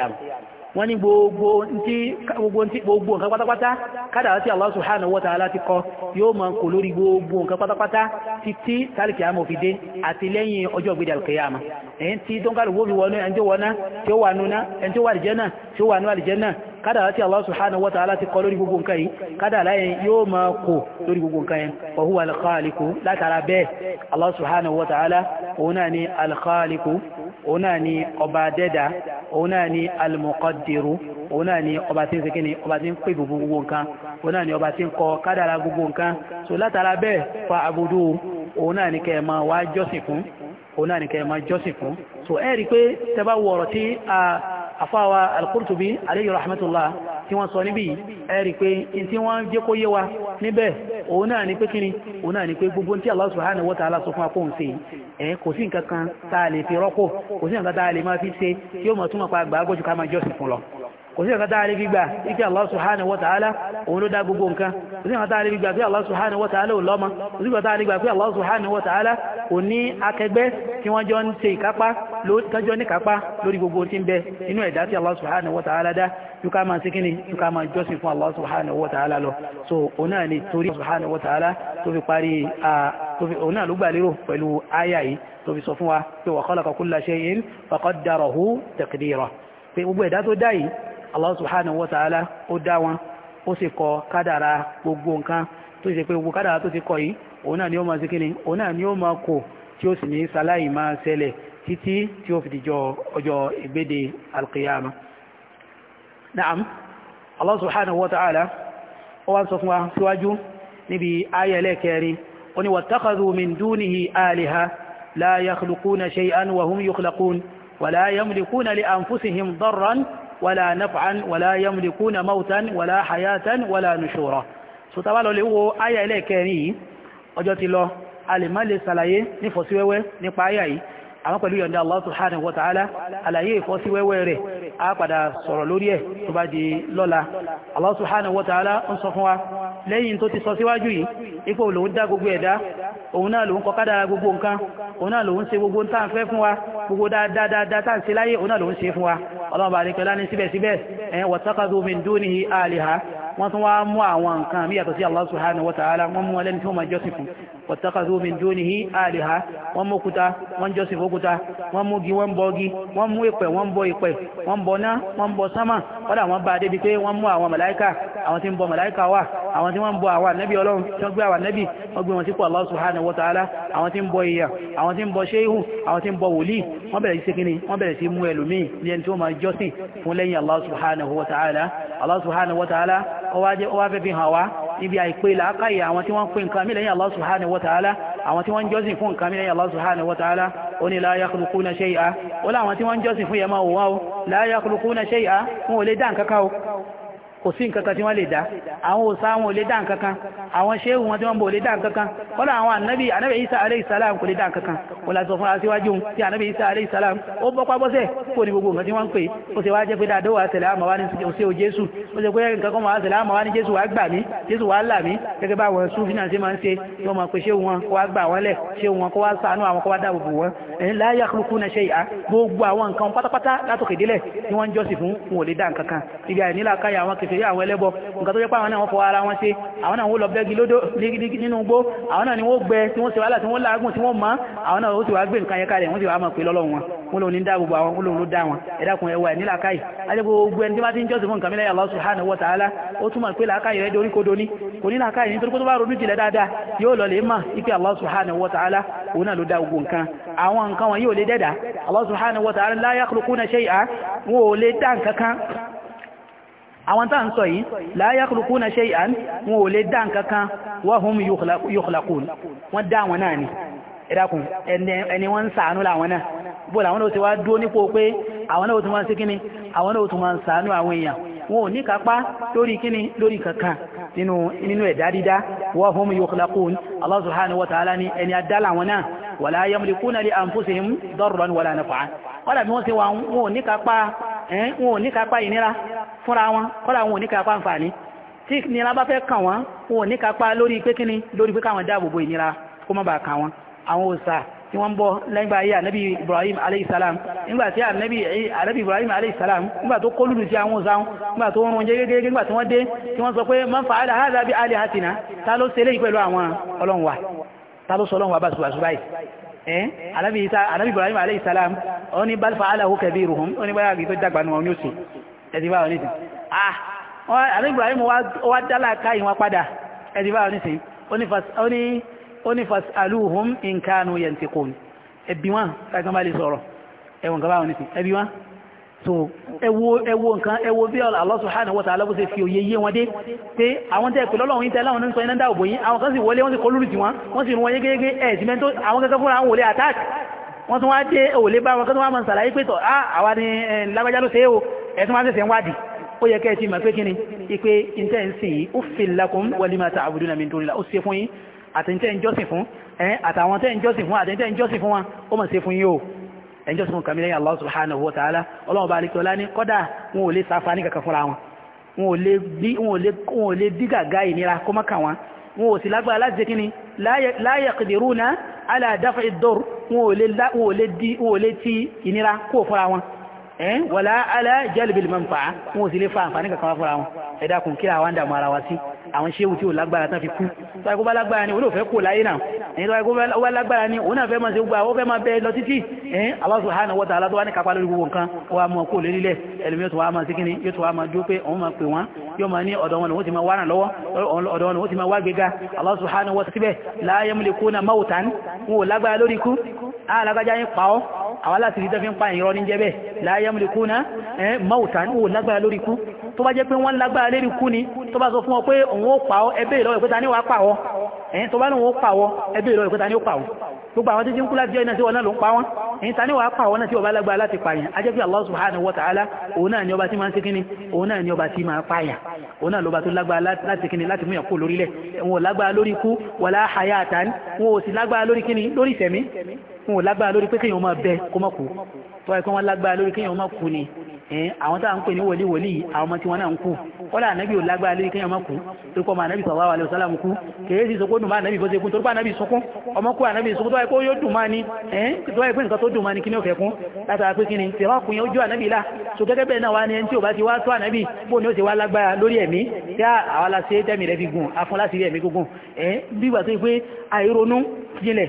ọba wọ́n ní gbogbo tí gbogbo nǹkan pátápátá kádàrá tí Allah subhanahu wa ta'ala ti kọ yóò máa kò lórí gbogbo nǹkan pátápátá títí tálìkì àmọ̀ fìdé àti lẹ́yìn ọjọ́ gbéjà kìyàmà èyí tí dọ́nkàlù wọ́n fi wọnú ẹni tó wọná tí ó wà núná ẹni tó wà àlìjẹ́nà tí ó wà kádàrá tí Allah subhanahu wa ta'ala ti kọ lórí gbogbo nǹkan yìí kádàrá yẹn yóò máa kò lórí gbogbo nǹkan yẹn wa huwa al-khaliqu látara bẹ́ẹ̀ Allah subhanahu wa ta'ala òun náà ni al-khaliqu òun náà ni ọba dẹ́dà òun náà ni al-muqaddiru òun náà ni ọba tí ń sekí ni ọba tí ń pè gbogbo gbogbo nǹkan ni ọba tí ń kọ kádàrá gbogbo nǹkan so látara bẹ́ẹ̀ fa abudu òun ni kẹ́ ẹ̀ wá jọ́sìn fún òun ni kẹ́ ẹ̀ jọ́sìn fún so ẹ̀rí pé tẹ́ wọ̀rọ̀ tí a àfáwà al-Qurtubi alayhi rahmatullah tí wọ́n sọ níbi ẹ̀rì pé in tí wọ́n jẹ́ kó yé wa níbẹ̀ òun náà ni pé kíni òun náà ni pé gbogbo tí Allah subhanahu wa ta'ala sọ fún apóhùn sí ẹ̀ kò sí nǹkan kan tá a kò sí ọ̀kan tá a lè fi gbà ike Allah subhanahu wa ta'ala òun ló dá gbogbo nǹkan kò sí ọ̀kan tá a lè fi gbà pé Allah subhanahu wa ta'ala òun lọ́mọ kò sí ọ̀kan tá a lè gbà pé Allah subhanahu wa ta'ala òun ní akẹgbẹ́ tí wọ́n jọ ń ṣe ìkápá lójọ́ ní kápá lórí gbogbo tí ń bẹ inú ẹ̀dá tí Allah subhanahu wa ta'ala dá yuka ma sikini yuka ma jọ́sìn fún Allah subhanahu wa ta'ala lọ so òun náà ni torí subhanahu wa ta'ala tó fi parí òun náà ló gbà lérò pẹ̀lú áyà yìí tó fi sọ fún wa pé wa khalaqa kulla shay'in faqaddarahu taqdira pé gbogbo ẹ̀dá tó dá yìí Allah subhanahu wa ta'ala ó dá wọn ó sì kọ kádàrà gbogbo nǹkan tó ṣe pé gbogbo kádàrà tó ti kọ yìí òun náà ni ó máa ṣe kíni òun náà ni ó máa kò tí ó sì ní sáláì máa ṣẹlẹ̀ títí tí ó fi dìjọ ọjọ́ ìgbéde alqiyama na'am Allah subhanahu wa ta'ala ó wá sọ fún wa síwájú níbi ayẹ lẹ́kẹrin ó ní wattakhadhu min dunihi aliha la yakhluquna shay'an wa hum yukhlaqun wa la yamlikuna li anfusihim darran ولا نفعا ولا يملكون موتا ولا حياة ولا نشورا sotaba lọ lè wo aya ẹlẹ́ẹ̀kẹrin yìí ọjọ́ ti lọ a lè má lè ṣàlàyé nífọ̀síwẹ́wẹ́ nípa aya yìí àwọn pẹ̀lú yọ̀ǹda Allah subhanahu wa ta'ala àlàyé ìfọ́síwẹ́wẹ́ rẹ̀ a padà sọ̀rọ̀ lórí ẹ̀ tó bá di lọ́la Allah subhanahu wa ta'ala ń sọ fún wa lẹ́yìn tó ti sọ síwájú yìí ipò lòun dá gbogbo ẹ̀dá òun náà lòun kọkádà gbogbo nǹkan òun náà lòun ṣe gbogbo tá à ń fẹ́ fún wa gbogbo dáadáa wàtàkàzó min dúnihi àlìhà wọ́n mú kúta wọ́n jọ́sìn fókúta wọ́n mú gi wọ́n bọ́ gi wọ́n mú ìpẹ̀ wọ́n bọ́ ìpẹ̀ wọ́n bọ́ náà wọ́n bọ́ sámà kọ́dà wọ́n bá débi pé wọ́n mú àwọn màláíkà àwọn tí ń bọ màláíkà wà àwọn tí wọ́n bọ àwọn ànábì ọlọ́run tí wọ́n gbé àwọn ànábì wọ́n gbé wọn sípò Allah subhanahu wa ta'ala àwọn tí ń bọ ìyà àwọn tí ń bọ ṣéhù àwọn tí ń bọ wòlíì wọ́n bẹ̀rẹ̀ sí kíni wọ́n bẹ̀rẹ̀ sí mú ẹlòmíì ní ẹni tí ó máa jọ́sìn fún lẹ́yìn Allah subhanahu wa ta'ala Allah subhanahu wa ta'ala ó wá fẹ́ fi hàn wá níbi àìpé làákàyè àwọn tí wọ́n ń pè nǹkan mí lẹ́yìn Allah subhanahu wa ta'ala àwọn tí wọ́n ń jọ́sìn fún nǹkan mí lẹ́yìn Allah subhanahu wa ta'ala ó ní la yakhluquna shay'a ó láwọn tí wọ́n jọ́sìn fún yẹmọ òwá o la yakhluquna shay'a wọn ò lè dá nǹkan ká o kò sí nǹkankan tí wọ́n lè dá àwọn òsá wọn ò lè dá nǹkankan àwọn ṣéhù wọn tí wọ́n bò lè dá nǹkankan kọ́lá àwọn ànábì ànábì Isa alayhi salam kò lè dá nǹkankan wọ́n lásọ fún aṣíwájú tí ànábì Isa alayhi salam ó bọ́pá bọ́sẹ̀ kò ní gbogbo nǹkan tí wọ́n ń pè ó sì wáá jẹ́ pé dáadọ́ wa sẹ̀lẹ̀ àmọ́ wá ní ṣe o Jésù ó sì pé nǹkan kan wàá sẹ̀lẹ̀ àmọ́ wá ní Jésù wàá gbà mí Jésù la yakhluquna shay'a gbogbo àwọn nǹkan pátápátá látòkèdélẹ̀ ni wọ́n ń jọ́sìn fún wọn ò lè dá nǹkankan ibi àìnílà kèfèrí àwọn ẹlẹ́bọ nǹkan tó jẹ́ pé àwọn náà wọ́n fọ ara wọn ṣe àwọn náà wọ́n lọ bẹ́gi lódò nínú igbó àwọn náà ni wọ́n gbẹ tí wọ́n ṣe wàhálà tí wọ́n láàgùn tí wọ́n mọ́ àwọn náà ó sì wá gbé nǹkan yẹn kalẹ̀ wọ́n sì wá mọ̀ pé lọ́lọ́ wọn wọ́n lòun ní dá gbogbo àwọn wọ́n lòun ló dá wọn ẹ̀dàkùn ẹwà ẹ̀ ní làákàyè ajẹ́ gbogbo ẹni tí wọ́n ti ń jọ́sìn fún nǹkan mílẹ̀ Allah subhanahu wa ta'ala ó wọn yóò lè dẹ́dà Allah subhanahu wa ta'ala la yakhluquna shay'a wọn ò lè dá nǹkan kan àwọn tàà ń sọ yìí la yakhluquna shay'an wọn ò lè dá nǹkankan wa hum yukhlaqun wọ́n dá wọn náà ni ẹ̀dàkùn ẹni wọ́n ń sàánú láwọn náà bóòlù àwọn náà ti wá dúó nípò pé àwọn náà tún sí kíní àwọn náà tún sàánú àwọn èèyàn wọn ò ní kápá lórí kíní lórí kankan nínú ẹ̀dá dídá wọ́n dàbí wọ́n ti wà wọn ẹ̀ẹ́n wọn ò ní kápá ìnira fúnra wọn kọ́lá wọn ò ní kápá àǹfààní tí ìnira bá fẹ́ kàn wọ́n wọn ò ní kápá lórí pé kíni lórí pé káwọn dáàbò bo ìnira kó má bàa kàn wọ́n àwọn òòsà tí wọ́n ń bọ́ lẹ́gbà ayé ànábì ibrahim aleyhisalam nígbà tí ànábì ibrahim aleyhisalam nígbà tó kó lùlù sí àwọn òsáwọn nígbà tó rún oúnjẹ gẹ́gẹ́ nígbà tí wọ́n dé tí wọ́n sọ pé man fa'ala hadha bi alihatina ta ló ṣe léyìí pẹ̀lú àwọn ọlọ́run wa ta ló sọ ọlọ́run wa bá ṣùgbàṣù báyìí anabi ibrahim alayhi salam ó ní bal fa'alahu kabiruhum ó ní báyà tó dàgbà ní wọn ní òsì ẹ̀dì báyà ní sí ah anabi ibrahim wá dálà káyìn wá padà ẹ̀dì báyà ní sí ó ní fas'aluhum in kanu yantiqun ẹbí wọn tàbí bá lè sọ̀rọ̀ ẹ̀wọ̀n kan báyà ní sí ẹbí wọn so ẹwo ẹwo nǹkan ẹwo bí Allah subhanahu wa ta'ala ṣe fi òye yé wọn dé pé àwọn tẹ́ pẹ̀lú ọlọ́run tẹ́ láwọn ní sọ iná dáàbò bòyí àwọn kan sì wọlé wọ́n sì kọ lúrù tí wọ́n wọ́n sì rún wọn yégéyégé ẹ̀ẹ̀dìmẹ́ntó àwọn kẹ́kẹ́ fúnra wọn wọlé attack wọ́n tún wá dé òwòlé bá wọn kẹ́kẹ́ wọ́n máa sàlàyé pé tọ̀ ah, àwa ni lágbájá o ẹ̀tún wá ṣẹ̀ṣẹ̀ ń wádìí ó yẹ kẹ́ẹ̀tì mà pé kí ni ipe ìtẹ́ ń sìn yìí uffil lakum wa lima ta'buduna min dunillah ó ṣe fún yín àtẹ̀ntẹ́ ń jọ́sìn fún mọ̀ o ẹjọ́ tí wọ́n kàmí lẹ́yìn Allah subhanahu wa ta'ala ọlọ́run bá alikẹ́ ọlá ní kọ́dà wọn ò lè sáfà ní kankan fúnra wọn wọn ò lè dí gàgá ìnira kó mọ́kà wọn wọn ò sì lágbára láti jẹ́ kíni la yaqdiruna ala daf'i ad-dur wọn ò lè ti ìnira kó fúnra wọn ẹn wala fa àǹfààní kankan fúnra wọn ẹ̀dá kùn kíra wa ara wa sí àwọn ṣéwù tí ò lágbára tán fi kú tọ́wọ́ kó bá lágbára ni olóòfẹ́ kò láyé náà ẹ̀yìn tọ́wọ́ kó bá lágbára ni òun náà fẹ́ máa ṣe gbà ó fẹ́ máa bẹ lọ títí ní òun máa ni wọ́n ti máa wá ràn lọ́wọ́ ọ̀dọ̀ wọn ni wọ́n ti máa wá gbéga Allah subhanahu la yamlikuna mawtan wọn ò lágbára lórí ikú alágbájá yín pa ọ́ pa ìrọ́ la yamlikuna mawtan wọn ò lágbára lórí ikú tó bá jẹ́ pé wọ́n lágbára lórí ikú ni tó bá sọ fún ọ pé òun òun ó pa ọ́ ẹbẹ́ ìlọ́wọ̀ ìpẹ́ta ní wà pa ọ́ ẹ̀yìn tó bá ní òun ó pa ọ́ ẹbẹ́ ìlọ́wọ̀ ìpẹ́ta ní ó pa ọ́ gbogbo àwọn títí ń kú láti jẹ́ iná sí náà ló ń pa ẹ̀yìn ta wà pa náà tí ọba lágbára láti pààyàn a jẹ́ Allah subhanahu wa ta'ala òun náà ni ọba tí máa ń sékíní òun náà ni ọba tí máa pààyàn òun náà lọba tó lágbára láti kíni láti mú ẹ̀kọ́ lórílẹ̀ wọn hayatan wọn ò sì lágbára lórí kíni lórí fún òlágbára lórí pé kéèyàn máa bẹ kó má kú tó ẹ̀kọ́ wọn lágbára lórí kéèyàn má kú ni àwọn tá à ń pè ní wòlíì wòlíì àwọn ọmọ tí wọn náà ń kú kọ́lá ànábì ò lágbára lórí kéèyàn má kú torí kọ́ ọmọ ànábì sọ̀rọ̀ àwọn àlẹ́sọ̀lá ń kú kèé sì sọ́kó dùn má ànábì fọ́sẹ̀ kú torí pé ànábì sọkún ọmọ kú ànábì sọkún tó wáyé kó yóò dùn má ni tó wáyé pé nǹkan tó dùn má ni kí ni ó fẹ́ kún látara pé kí ni tẹ̀rọ ọkùnrin ojú ànábì là so gẹ́gẹ́ bẹ́ẹ̀ náà wá ni ẹni tí ò bá ti wá tó ànábì bó ni ó ti wá lágbára lórí ẹ̀mí tí àwa la ṣe tẹ́mi rẹ̀ fi gùn afun láti rí ẹ̀mí gúngùn bí ìgbà tó yẹ pé àìronú jinlẹ̀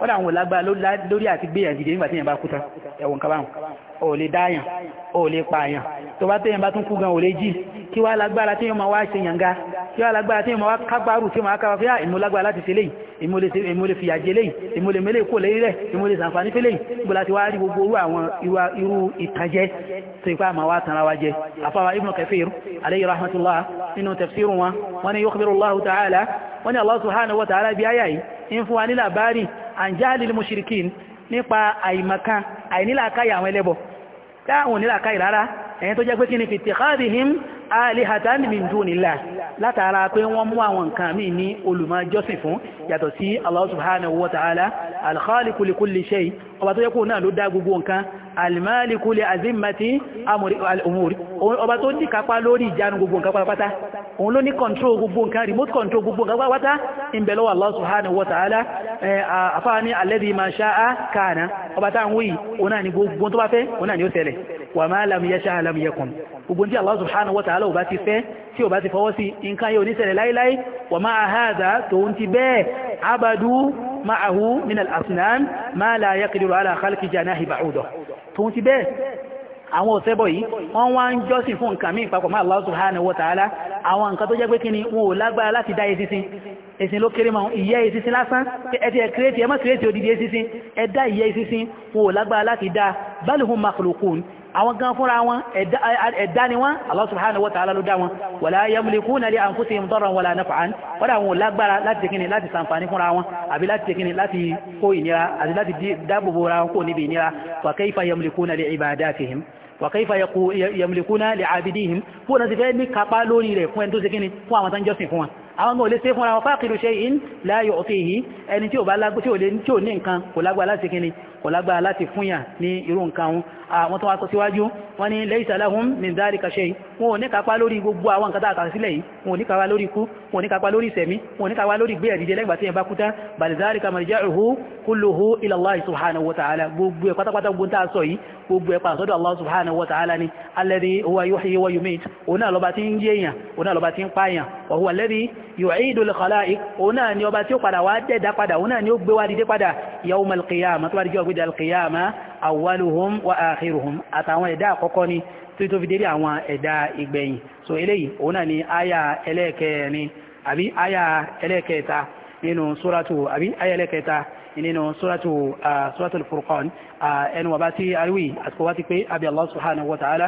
ó dà àwọn ìlágbà lórí àti gbé ẹ̀dìdè nígbà tí èèyàn bá kú tán ẹ̀wọ̀n kan báwọn ò lè dáyàn ò lè pààyàn tó bá téèyàn bá tún kú gan ò lè jí kí wá lágbára téèyàn máa wá ṣe yànga kí wá lágbára téèyàn máa wá kágbárù tí máa kábà fíà ìmú lágbára láti ṣe léyìí ìmú lè fìyà jẹ léyìí ìmú lè mélé kó lérí rẹ̀ ìmú lè sàǹfààní fẹ́ léyìí gbọ́dọ̀ láti wá rí gbogbo orú àǹjáàlì mushrikin nípa àìmọ̀kan àìnílàákàyè àwọn ẹlẹ́bọ̀ táwọn onílàákàyè rárá ẹ̀yìn tó jẹ́ pé kí ni fìtìkáàdìhìm alihatan min dunillah látara pé wọ́n mú àwọn nǹkan míì ní olùmọ̀jọ́sìn fún yàtọ̀ sí Allah subhanahu wa ta'ala al-khaliqu li kulli shay ọba tó yẹ kó náà ló dá gbogbo nǹkan alimálíkú lè azimati amòrí ọba tó ní kápá lórí ìjánu gbogbo nǹkan pátápátá òun ló ní control gbogbo nǹkan remote control gbogbo nǹkan pátápátá ń bẹ lọ́wọ́ Allah subhanahu wa ta'ala afáà ní alladhi ma sha'a kana ọba táwọn wí òun náà ní gbogbo gbogbo tí Allah subhanahu wa ta'ala ò bá ti fẹ́ tí ò bá ti fọwọ́ sí nǹkan yóò níṣẹ̀lẹ̀ láíláí wa ma'a hadha tóun ti bẹ́ẹ̀ abadu ma'ahu min al-asnan ma la yaqdiru ala khalqi janahi ba'udah tóun ti bẹ́ẹ̀ àwọn òṣẹ́bọ̀ yìí wọ́n wá ń jọ́sìn fún nǹkan míì papọ̀ mọ́ Allah subhanahu wa ta'ala àwọn nǹkan tó jẹ́ pé kíni wọn ò lágbára láti dá eṣinṣin eṣin ló máa ìyẹ́ eṣinṣin lásán ẹ̀tí ẹ̀ àwọn gan fúnra wọn ẹ̀dá ni wọn Allah subhanahu wa ta'ala ló dá wọn wala yamlikuna li anfusihim darran wala naf'an wọ́n dà wọn lágbára láti tẹkínni láti sàǹfààní fúnra wọn àbí láti tẹkínni láti kó ìnira àti láti dáàbòbò ra wọn kó níbi ìnira wa kayfa yamlikuna li ibadatihim wa kayfa yamlikuna li abidihim fún ọ̀nà ti fẹ́ ní kápá lórí rẹ̀ fún ẹni tó fún àwọn tó ń àwọn ọmọ olèsè fúnra wọn fáàkìlù shay'in la yu'tihi ẹni tí ò ní nǹkan kò lágbára láti kíni kò lágbára láti fúnyà ní irú nǹkan ohun àwọn tó wá kọ síwájú wọ́n ní laysa lahum min dhalika shay wọn ò ní kápá lórí gbogbo àwọn nǹkan tààkà sílẹ̀ yìí wọn ò ní kápá lórí ikú wọn ò ní kápá lórí ìsẹ̀mí wọn ò ní kápá lórí ila Allah subhanahu wa ta'ala gbogbo ẹ̀ pátápátá gbogbo tá a sọ yìí gbogbo ẹ̀ Allah subhanahu wa ta'ala ni alladhi wa yumit wa huwa alladhi yu'idul khalaiq òun náà ni ọba tí ó padà wá dẹ̀dá padà òun náà ni ó gbé wá dídé padà yawmal yawmid al-qiyamah awwaluhum wa akhiruhum àtàwọn ẹ̀dá àkọ́kọ́ ni tí tó fi dérí àwọn ẹ̀dá ìgbẹ̀yìn so eléyìí òun náà ni àyà ẹlẹ́ẹ̀kẹ́ni àbí àyà ẹlẹ́ẹ̀kẹta nínú suratu àbí àyà ẹlẹ́ẹ̀kẹta nínú suratu suratul furqan ẹnu wà bá tí ariwi àsìkò wá ti pé abi Allah subhanahu wa ta'ala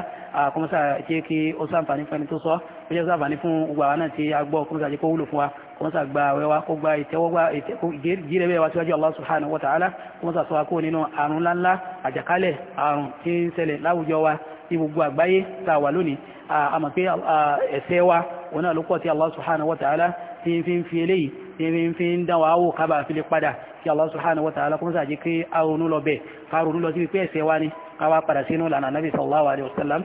kọmọ́sá jẹ́ kí ó sáǹfàní fún ẹni tó sọ ó jẹ́ sáǹfàní fún gbogbo àwọn náà tí a gbọ́ kọmọ́sá jẹ́ kó wúlò fún wa kọmọ́sá gba wẹ́wà kó gba ìtẹ́wọ́gbà jíire bẹ́ẹ̀ wá síwájú Allah subhanahu wa ta'ala kọmọ́sá sọ wa kó nínú àrùn ńláńlá àjàkálẹ̀ àrùn tí ń ṣẹlẹ̀ láwùjọ wa ní gbogbo àgbáyé tá a wà kí Allah subhanahu wa ta'ala kuma sàájí kí aunu lọ bẹ́ẹ̀ karùnú lọ sí pé ẹ̀ṣẹ̀ wá ní káwà padà sínú lànà nabi sallallahu alaihi wasallam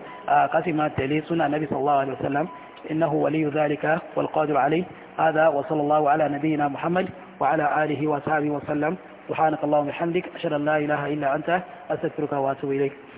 kásì máa tẹ̀lé súnà nabi sallallahu alaihi wasallam innahu waliyu dhalika wal qadir alayhi hada wa sallallahu ala nabiyyina muhammad wa ala alihi wa sahbihi wa sallam subhanaka allahumma bihamdik ashhadu an la ilaha illa anta astaghfiruka wa atubu ilayk